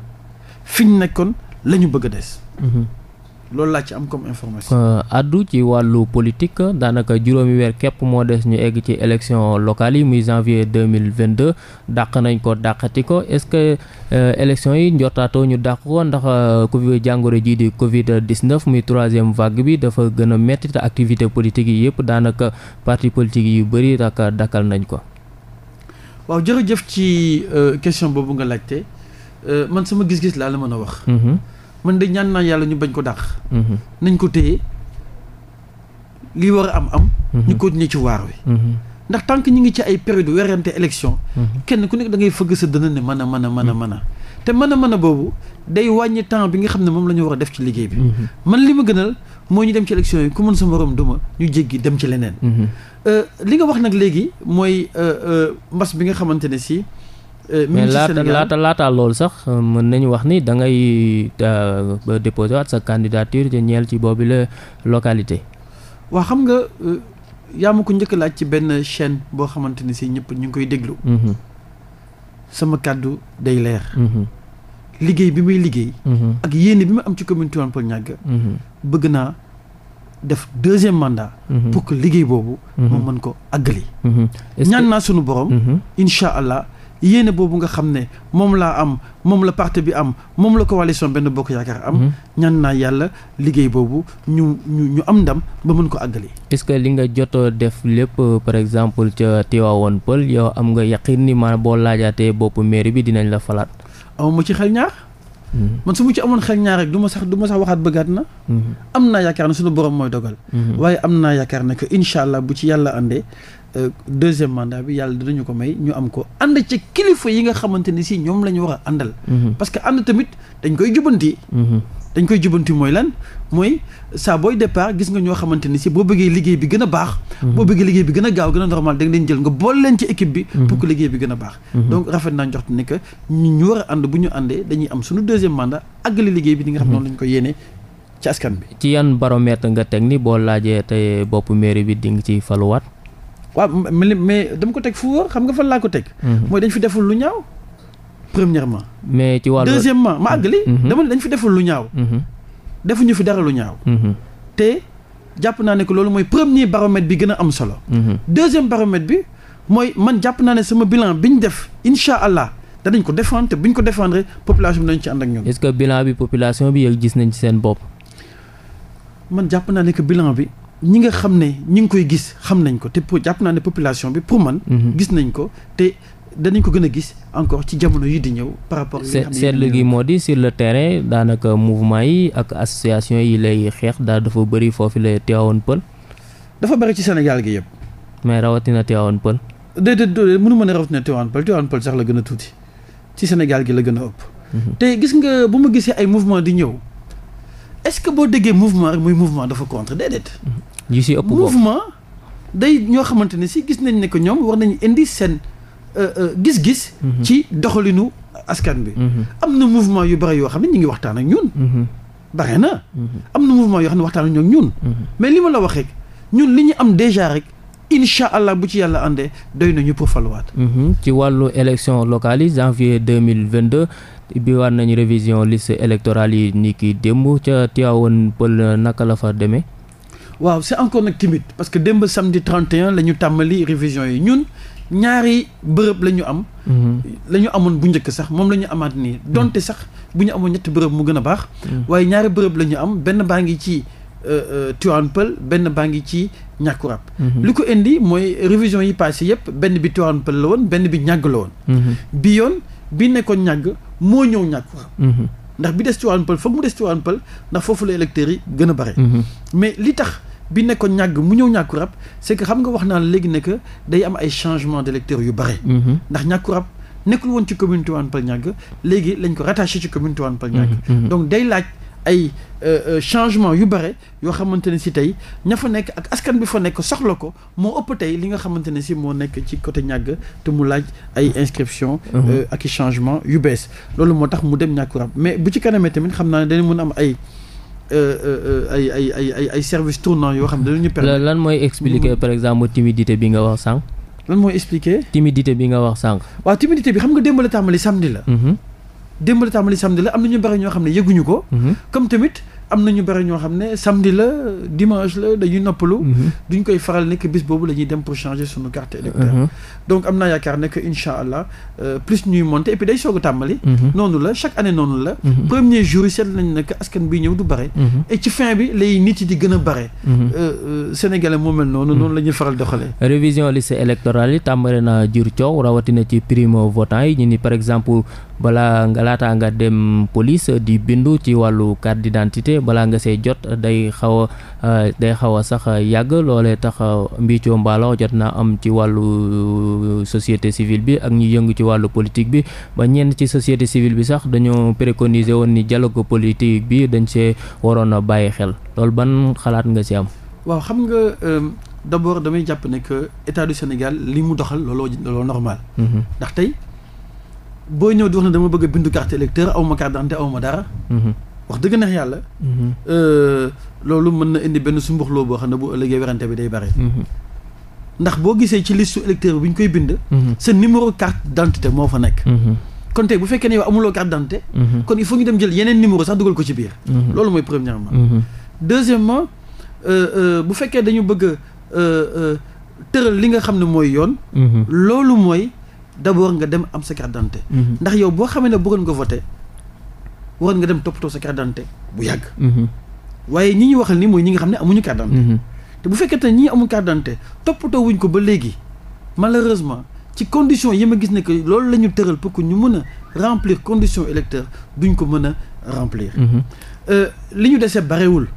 fi ñu nekkoon la ñu bëgg a des. Mhm. loolu laa ci am comme information. Euh, addu ci wàllu politique daanaka juróomi weer képp moo des ñu egg ci élection locale yi muy janvier deux mille vingt deux dàq nañ ko dàqati ko est ce que euh, élection yi njortaatoo ñu dàq ko ndax euh, ku jàngoro jii di Covid dix neuf muy troisième vague bi dafa gën a métti te activité politique yi yëpp daanaka parti politique yu bëri daanaka dakkal nañ ko. waaw jërëjëf ci question boobu nga laajte man sama gis-gis laa la mën a wax. Mm-hmm. man de ñaan naa yàlla ñu bañ ko dàq. Mhm. nañ ko téye li war a am am. Mhm. ñu continuer ci waar wi. Mhm. ndax tant que ñu ngi ci ay période werante élection. kenn ku nekk da fëgg sa dënn ne mën a mën a mën a mën a. te mën a mën a boobu day wàññi temps bi nga xam ne moom la ñu war a def ci liggéey bi. man li ma gënal moo ñu dem ci élection yi ku mën sa morom duma ñu jéggi dem ci leneen. Euh, li nga wax nag léegi mooy euh, euh, mbas bi nga xamante si. Euh, mais laata laata laata loolu sax euh, mën nañu wax ni dangay ngay euh, déposé waat sa candidature ci ñeel ci boobu la localité. waa xam nga yaa ma ko njëkk laaj ci benn chaine boo xamante ni si ñëpp ñu ngi koy déglu. Mm-hmm. sama kàddu day leer. Mm-hmm. liggéey bi muy liggéey. Mm-hmm. ak yéene bi ma am ci commune Tivaouane Peulh-Niaga. bëgg naa def deuxième mandat. pour que liggéey boobu. ma mën ko àggali. ñaan naa sunu borom. incha allah. yéene boobu nga xam ne moom laa am moom la parti bi am moom la ko coalition benn bokk yaakaar am. Mhm. ñaan naa yàlla liggéey boobu ñu ñu ñu am ndam ba mën ko àggali. est-ce que li nga jotoo def lépp euh, par exemple ca woon Peulh yow am nga yaqin ni maanaam boo laajaatee boppu mairie bi dinañ la falaat. amuma ci xel ñaar. Mhm. man su mu ci amoon xel ñaar rek du ma sax du ma sax waxaat bëggaat na. Mhm. am naa yaakaar ne suñu borom mooy dogal. waaye am naa yaakaar ne que bu ci yàlla àndee. Euh, deuxième mandat bi yàlla dinañu ko may ñu am ko ànd ca kilifa yi nga xamante ni si ñoom la ñu war a àndal. Mhm. parce que ànd tamit dañ koy jubanti. Mhm. dañ koy jubanti mooy lan mooy saa booy départ gis nga ñoo xamante ni si boo bëggee liggéey bi gën a baax. Mhm. boo bëggee liggéey bi gën a gaaw gën a normal da nga leen jël nga boole leen ci équipe bi. pour que liggéey bi gën a baax. donc rafet naa jox ni que ñu war ànd bu ñu àndee dañuy am suñu deuxième mandat àggali liggéey bi di nga xam noonu lañ ko yéenee. ci askan bi. ci yan baromètre nga teg boo laajee tey bopp mairie bi di nga ciy faluwaat. waaw mais mais dama ko teg fu wóor xam nga fan laa ko teg. Mhm. mooy dañ fi deful lu ñaaw. premièrement. mais ci wàllu deuxièmement ma àggali. Mhm. dama ne dañ fi deful lu ñaaw. Mhm. defuñu fi dara lu ñaaw. te jàpp naa ne que loolu mooy premier baromètre bi gën a am solo. deuxième baromètre bi mooy man jàpp naa ne sama bilan bi ñu def incha allah. danañ ko défendre te bu ñu ko défendre population bi nañ ci ànd ak ñoom est-ce que bilan bi population bi yëg gis nañ ci seen bopp. man jàpp naa ne que bilan bi ñi nga xam ne ñi ngi koy gis xam nañ ko te pour jàpp naa ne population bi pour man. Mhm. gis nañ ko te danañ ko gën a gis encore ci jamono yi di ñëw. par rapport ak li moo di sur le terrain daanaka mouvement yi ak association yi lay xeex daal dafa bëri foofu la teewoon pël. dafa bari ci Sénégal gi yëpp. mais rawatina teewoon pël. déedéet déedéet mënu ma ne rawatina teewoon pël teewoon pël sax la gën a tuuti ci Sénégal gi la gën a ëpp. Mhm. te gis nga bu ma gisee ay mouvement di ñëw. est-ce que boo déggee mouvement rek muy mouvement dafa contre déedéet. yu si mouvement day ñoo xamante ne si gis nañ ne que ñoom war nañu indi seen euh, euh, gis-gis. Mhm. ci doxalinu askan bi. Mhm. am na mouvement yu bari yoo xam ne ñu ngi waxtaan ak ñun. Mhm. bare na. am na mouvement yoo xam ne waxtaan ak ñun. mais li ma la wax rek ñun li ñu am déjà rek. incha allah bu ci yàlla àndee doy nañu pour faluwaat. ci wàllu élection locale yi janvier mille vingt deux ubbiwaat nañu révision liste électorale yi ni ki démb ca Tivaouane Peulh naka la fa demee. waaw c'est encore nag timide parce que démb samedi 31 la ñu tàmbali révision yi ñun ñaari bërëb la ñu am. Mhm. lañu amoon bu njëkk sax moom la ñu amaat ni mhm. donte sax bu ñu amoon ñetti bërëb mu gën a baax. Mhm. waaye ñaari bërëb la ñu am benn baa ngi ci euh, euh, Tivaouane Peulh benn baa ngi ci Niakoulrap. li ko indi mooy révision yi passé yëpp benn bi Tivaouane Peulh la woon benn bi ñàgg la woon. moo ñëw ñàkk mhm. ndax bi des ci Tivaouane Peulh foog mu des ci Tivaouane Peulh ndax foofu la électeurs yi gën a bare mhm. mais li tax bi nekkoon ñàgg mu ñëw ñàkkurab c'est que xam nga wax naa léegi ne day am ay changement d'électeurs yu bare mhm. ndax nekk nekkul woon ci commune Tivaouane Peulh ñàgg léegi lañ ko rattaché ci commune Tivaouane Peulh ñàgg donc day laaj ay euh, euh, changement yu bare yoo xamante ne si tey ña fa nekk ak askan bi fa nekk soxla ko moo ëpp tey li nga xamante ne si moo nekk ci côté ñàgg te mu laaj ay inscription mhm. euh, ak i changement yu bees loolu moo tax mu dem ñàkkurab mais bu ci kanamee tamit xam naa ne dañu mën am ay ay ay ay ay ay service tournant yoo xam ne dañu permettre lan mooy expliquer par exemple timidité bi nga wax sànq lan mooy expliquer timidité bi nga wax sànq waaw timidité bi xam nga démb la tàmbali samedi la mhm. démb la tàmbali samedi la am na ñu bëri ñoo xam ne yëguñu ko. Mhm. comme tamit am na ñu la dimanche la dañuy noppalu. Mhm. duñ koy faral nekk bis boobu la ñuy dem pour changer sunu carte électeur mhm. donc am naa yaakaar ne que incha allah euh, plus ñuy monter et puis day soog a tàmbali. noonu la chaque année noonu la. premier jour yi seetlu nañ ne askan bi ñëw du bare. ci fin bi lay nit yi di gën a bare. Euh, euh, sénégalais moo mel noonu noonu la ñuy faral doxalee. révision liste électorale yi tàmbali na jur coow balaa nga laataa nga dem police di bindu ci wàllu carte d'identité balaa nga see jot day xaw a euh, day xaw a sax yàgg loole tax euh, mbiccoo mbaaloo jot naa am ci wàllu euh, société civile bi ak ñu yëngu ci wàllu politique bi ba ñenn ci société civile bi sax dañoo préconiser woon ni dialogue politique bi dañ see waroon a bàyyi xel loolu ban xalaat nga si am. waaw xam nga d'abord damay jàpp ne que état du Sénégal li mu doxal looloo normal. Mhm. ndax tey. booy ñëw di wax ne dama bëgg a bindu carte électeur aw ma carte d'identité aw ma dara. Mhm. wax dëgg neex yàlla. Mhm. Euh, loolu mën na indi benn sumbuxloo boo xam ne bu ëllëgee werante bi day bare. Mhm. ndax boo gisee ci liste électeur bi ñu koy bind. sa numéro carte d'identité moo fa nekk. kon tey bu fekkee ne yow amuloo carte d'identité. kon il faut ñu dem jël yeneen numéro sax dugal ko ci biir. loolu mooy premièrement. deuxièmement euh, euh, bu fekkee dañu bëgg a tëral li nga xam ne mooy yoon. loolu mooy. d' abord nga dem am sa carte mhm. ndax yow boo xamee ne bëggoon nga voté waroon nga dem toppatoo sa carte d' identité bu yàgg mhm. waaye ñi ñu waxal ni mooy ñi nga xam ne amuñu carte d' mhm. te bu fekkee te ñi amul carte d' identité toppatoo wuñ ko ba léegi malheureusement ci condition yi ma gis ne que loolu la ñu tëral pour que ñu mën a remplir condition électeur duñ ko mën a remplir euh, li ñu desee barewul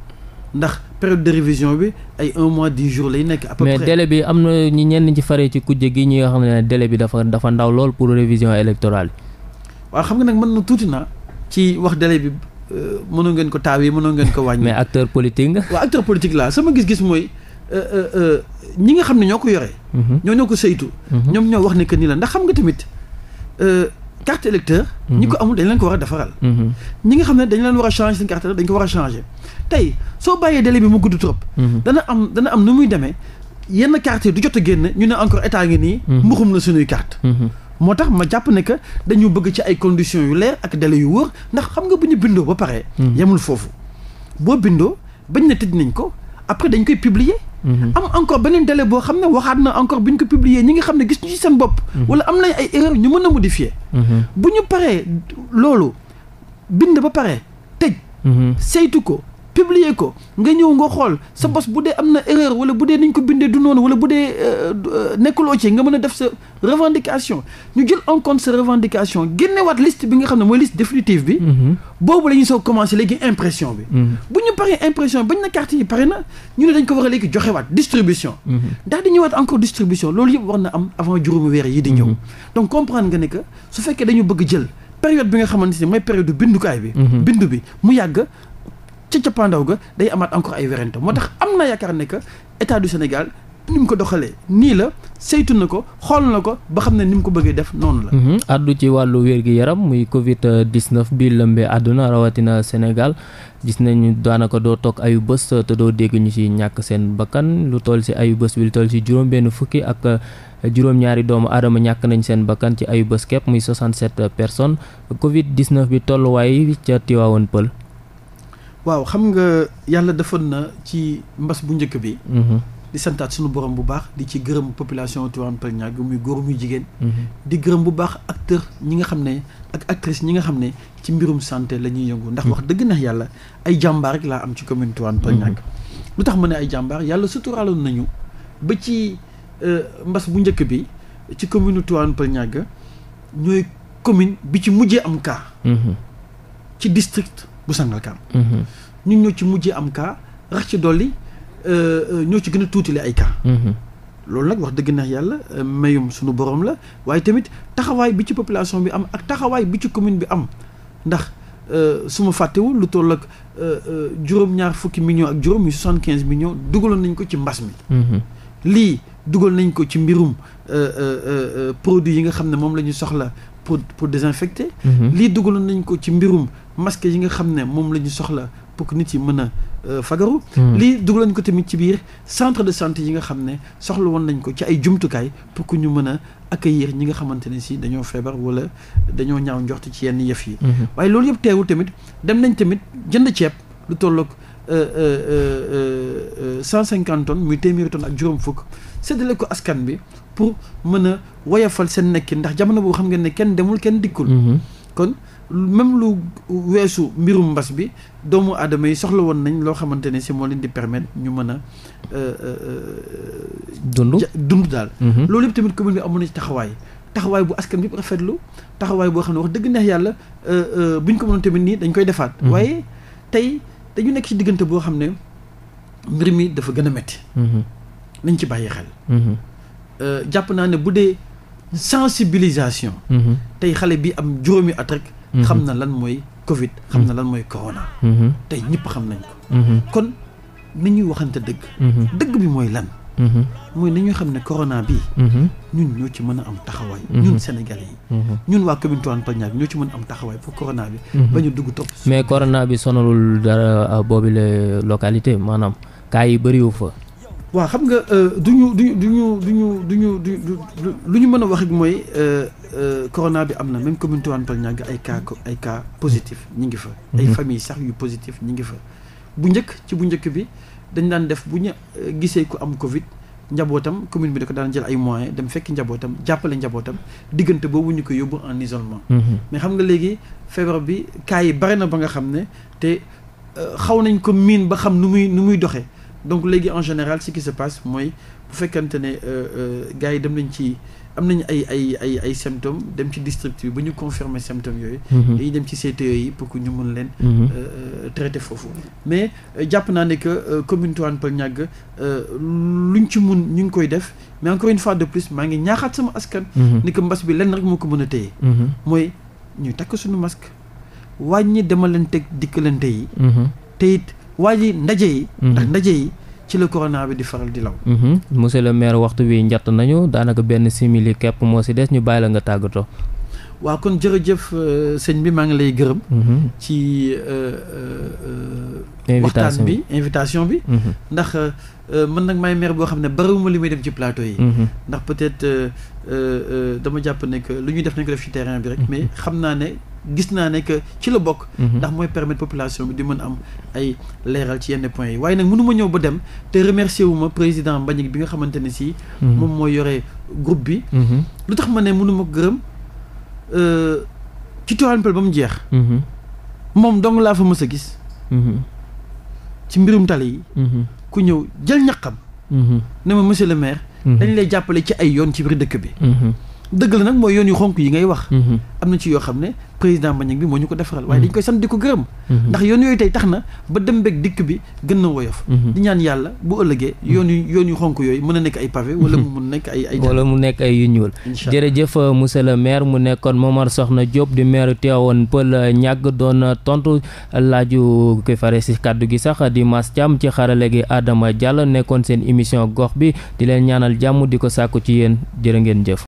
ndax période de révision bi ay un mois dix jours lay nekk à peu près. mais délai bi am na ñi ci faree ci kujje gi ñi xam ne délai bi dafa dafa ndaw lool pour révision électorale bi. waaw xam nga nag mën na tuuti na ci wax délai bi euh, mënoo ngeen ko taawee mënoo ngeen ko wàññi. mais acteur politique nga. waaw acteur politique laa sama gis-gis mooy. Euh, euh, ñi nga xam ne ñoo ko yore. Mhm. ñoo ñoo ko saytu. Mhm. ñoom ñoo wax ne que la ndax xam nga tamit carte électeur mhm. ñi ko amul dañ leen ko war a defaral mhm. ñi nga xam ne dañu leen war a changer seen carte électeur dañ ko war a changer tey soo bàyyee délai bi mu gudd trop mhm. dana am dana am nu muy demee yenn carte yi du jot a génn ñu ne encore état ngi nii mbuxum na suñuy carte moo tax ma jàpp ne que dañu bëgg ci ay conditions yu leer ak délai yu wóor ndax xam nga bu ñu bindoo ba pare yemul foofu boo bindoo bañ ne tëj nañ ko après dañ koy publier Mm-hmm. am encore beneen délai boo xam ne waxaat na encore bi ñu ko publier ñi nga xam ne gis ñu ci seen bopp. Mm-hmm. wala am nañ ay erreur ñu mën a modifier. Mm-hmm. bu ñu paree loolu bind ba pare tëj. saytu ko. publier ko nga ñëw nga xool sa bos bu dee am na erreur wala bu dee nañ ko bindee du noonu wala bu dee euh, euh, nekkuloo ci nga mën a def sa revendication ñu jël en compte sa revendication génnewaat liste bi nga xam ne mooy liste définitive bi. Mhm. boobu la ñuy soog bi. Mhm. bu ñu paree impression bañ yi pare na ñu ne dañ ko war a léegi joxewaat distribution. Mhm. daal di ñëwaat encore distribution loolu yëpp war na am avant juróomi weer yi di ñëw. donc comprendre nga ne que su bëgg jël. période bi nga xamante ni mooy période bindukaay bi. bindu bi mu yàgg ca cappaandaw ga day amaat encore ay werante moo tax am na yaakaar ne que état du Sénégal ni mu ko doxalee nii la seytu na ko xool na ko ba xam ne ni mu ko bëggee def noonu la. Mhm. addu ci wàllu wér-gi-yaram muy Covid 19 bi lëmbee àdduna rawatina Sénégal gis nañu daanaka doo toog ayu bés te doo dégg ñu ci ñàkk seen bakkan lu toll ci ayu bés bi lu toll ci juróom-benn fukki ak. juróom-ñaari doomu aadama ñàkk nañ seen bakkan ci ayu bés kepp muy 67 personnes Covid 19 bi tolluwaay ca Tiwaawoon Pël. waaw xam nga yàlla defoon na ci mbas bu njëkk bi. Mhm. di santaat suñu borom bu baax di ci gërëm population Tivaouane Peulh muy góor muy jigéen. Mhm. di gërëm bu baax acteur ñi nga xam ne ak actrice ñi nga xam ne ci mbirum santé la ñuy yëngu. ndax mhm. wax dëgg na yàlla ay jàmbaar rek laa am ci commune Tivaouane Peulh lu tax ma ne ay jàmbaar yàlla suturaaloon nañu ba ci euh, mbas bu njëkk bi ci commune Tivaouane Peulh ñooy commune bi ci mujjee am cas. ci district. bu Sangalkam. Mm-hmm. ñun ñoo ci mujjee am cas rax ci dolli euh, euh, ñoo ci gën a tuutile ay cas. Mm-hmm. loolu nag wax dëgg na yàlla euh, mayum suñu borom la waaye tamit taxawaay bi ci population bi am ak taxawaay bi ci commune bi am ndax suma ma lu toll ak juróom-ñaar fukki millions ak juróom yu soixante quinze millions dugaloon nañ ko ci mbas mi. Mm-hmm. lii dugal nañ ko ci mbirum produit yi nga xam ne moom la ñu soxla pour pour désinfecter. lii dugaloon nañ ko ci mbirum masque yi nga xam ne moom la ñu soxla pour que nit yi mën a euh, fagaru. Hmm. li dugal nañ ko tamit ci biir centre de santé yi nga xam ne soxla woon nañ ko ci ay jumtukaay pour que ñu mën a accueillir ñi nga xamante ne si dañoo feebar wala dañoo ñaaw njort ci yenn yëf yi. Hmm. waaye loolu yëpp teewul tamit dem nañ tamit jënd ceeb lu tolloog euh, euh, cent cinquante tonnes muy téeméeri tonnes ak juróom fukk séddale ko askan bi pour mën a woyafal seen nekki ndax jamono boo xam ngeen ne kenn demul kenn dikkul. Hmm. kon même lu weesu mbirum mbas bi doomu aadama yi soxla woon nañ loo xamante ne si moo leen di permettre ñu mën a. Euh, euh, dund dund daal. Mhm. loolu yëpp tamit commune bi amoon na ci taxawaay taxawaay bu askan bi rafetlu taxawaay boo xam ne wax dëgg neex yàlla euh, buñ ko mënoon tamit nii dañ koy defaat. Mhm. waaye tey dañu nekk ci diggante boo xam ne mbir mi dafa gën a metti mhm. nañ ci bàyyi xel. jàpp naa ne bu dee sensibilisation. tey xale bi am juróomi at rek. Mm-hmm. xam na lan mooy Covid. xam na mm-hmm. lan mooy Corona. Mm-hmm. tey ñëpp xam nañ ko. kon ni ñuy waxante dëgg. dëgg bi mooy lan. mooy na ñu xam ne corona bii. ñun ñoo ci mën a am taxawaay. ñun Sénégalais yi. ñun waa commune Tivaouane Peulh ñoo ci mën a am taxawaay pour corona bi. ba ñu dugg topp mais corona bi sonalul dara euh, boobu la localité maanaam cas yi fa. waa xam nga euh, du ñu du ñu du ñu du ñu du ñu lu ñu mën a wax rek mooy euh, euh, corona bi am na même commune Tivaouane Peulh ay cas ay cas positif ñi ngi fa. Mhm. ay famille sax yu positif ñi ngi fa. bu njëkk ci bu njëkk bi dañ daan def bu ñu gisee ko am Covid njabootam commune bi da ko daan jël ay moyens dem fekk njabootam jàppale njabootam diggante boobu ñu ko yóbbu en isolement. Mhm. mais xam nga léegi feebar bi cas yi bare na ba nga xam ne te xaw nañ ko miin ba xam nu muy nu muy doxee. donc léegi en général ce qui se passe mooy bu fekkante ne euh, euh, gars yi dem nañ ci am nañ ay ay ay ay symptômes dem ci district bi ba ñu confirmer symptômes yooyu. Mhm. dañuy dem ci CTE yi pour que ñu mën leen. Mhm. Euh, traiter foofu. mais jàpp naa ne que commune Tivaouane Peulh Niaga luñ ci mun ñu ngi koy def mais encore une fois de plus maa ngi ñaaxaat sama askan. Mhm. ni que mbas bi lenn rek moo ko mën a téye. mooy ñu takk suñu masque wàññi demalanteeg dikkalante yi. te it waa ji ndaje yi. Mhm. ndax ndaje yi ci la corona bi di faral di law. Mhm. monsieur le maire waxtu wi njatt nañu daanaka benn simili kepp moo si des ñu bàyyi la nga tàggatoo. waaw kon jërëjëf euh, sëñ bi maa ngi lay gërëm. Mhm. ci euh, euh, waxtaan bi invitation bi. ndax man nag maay maire boo xam ne bariwuma li muy dem ci plateau yi. ndax peut-être dama jàpp ne que lu ñuy def nañ ko def ci terrain bi rek. mais xam naa ne gis naa ne que ci la bokk. Mhm. ndax mooy permettre population bi di mën am ay leeral ci yenn point yi waaye nag mënu ma ñëw ba dem te remercier wu ma président Mbagnick bi nga xamante ne sii mhm. moom moo yore groupe bi. Mhm. lu tax ma ne mënu ma gërëm euh, ci Tivaouane ba mu jeex. moom dong laa fa mës a gis. ci mbirum tali yi. ku ñëw jël ñaqam. ne ma monsieur le maire. dañ lay jàppale ci ay yoon ci biir dëkk bi. dëgg la nag mooy yoon yu xonq yi ngay wax mhm. am na ci yoo xam ne président Mbagnick bi moo ñu ko defaral waaye mhm. dañ koy sant di ko gërëm mhm. ndax yoon yooyu tey tax na ba dem beeg dikk bi gën na woyof di ñaan yàlla bu ëllëgee yoon yu yoon yu xonk yooyu mën a nekk ay pavé wala mu mun nekk ay ay mu nekk ay yu ñuul jërëjëf euh, monsieur le maire mu nekkoon Momar soxna jóob di maire Tivaouane Peulh ñàgg euh, doon euh, tontu laaju ki fare si kàddu gi sax di Mass Thiam ci xarale gi Adama Diallo nekkoon seen émission gox bi di leen ñaanal jàmm di ko sàkku ci yéen jërë ngeen jëf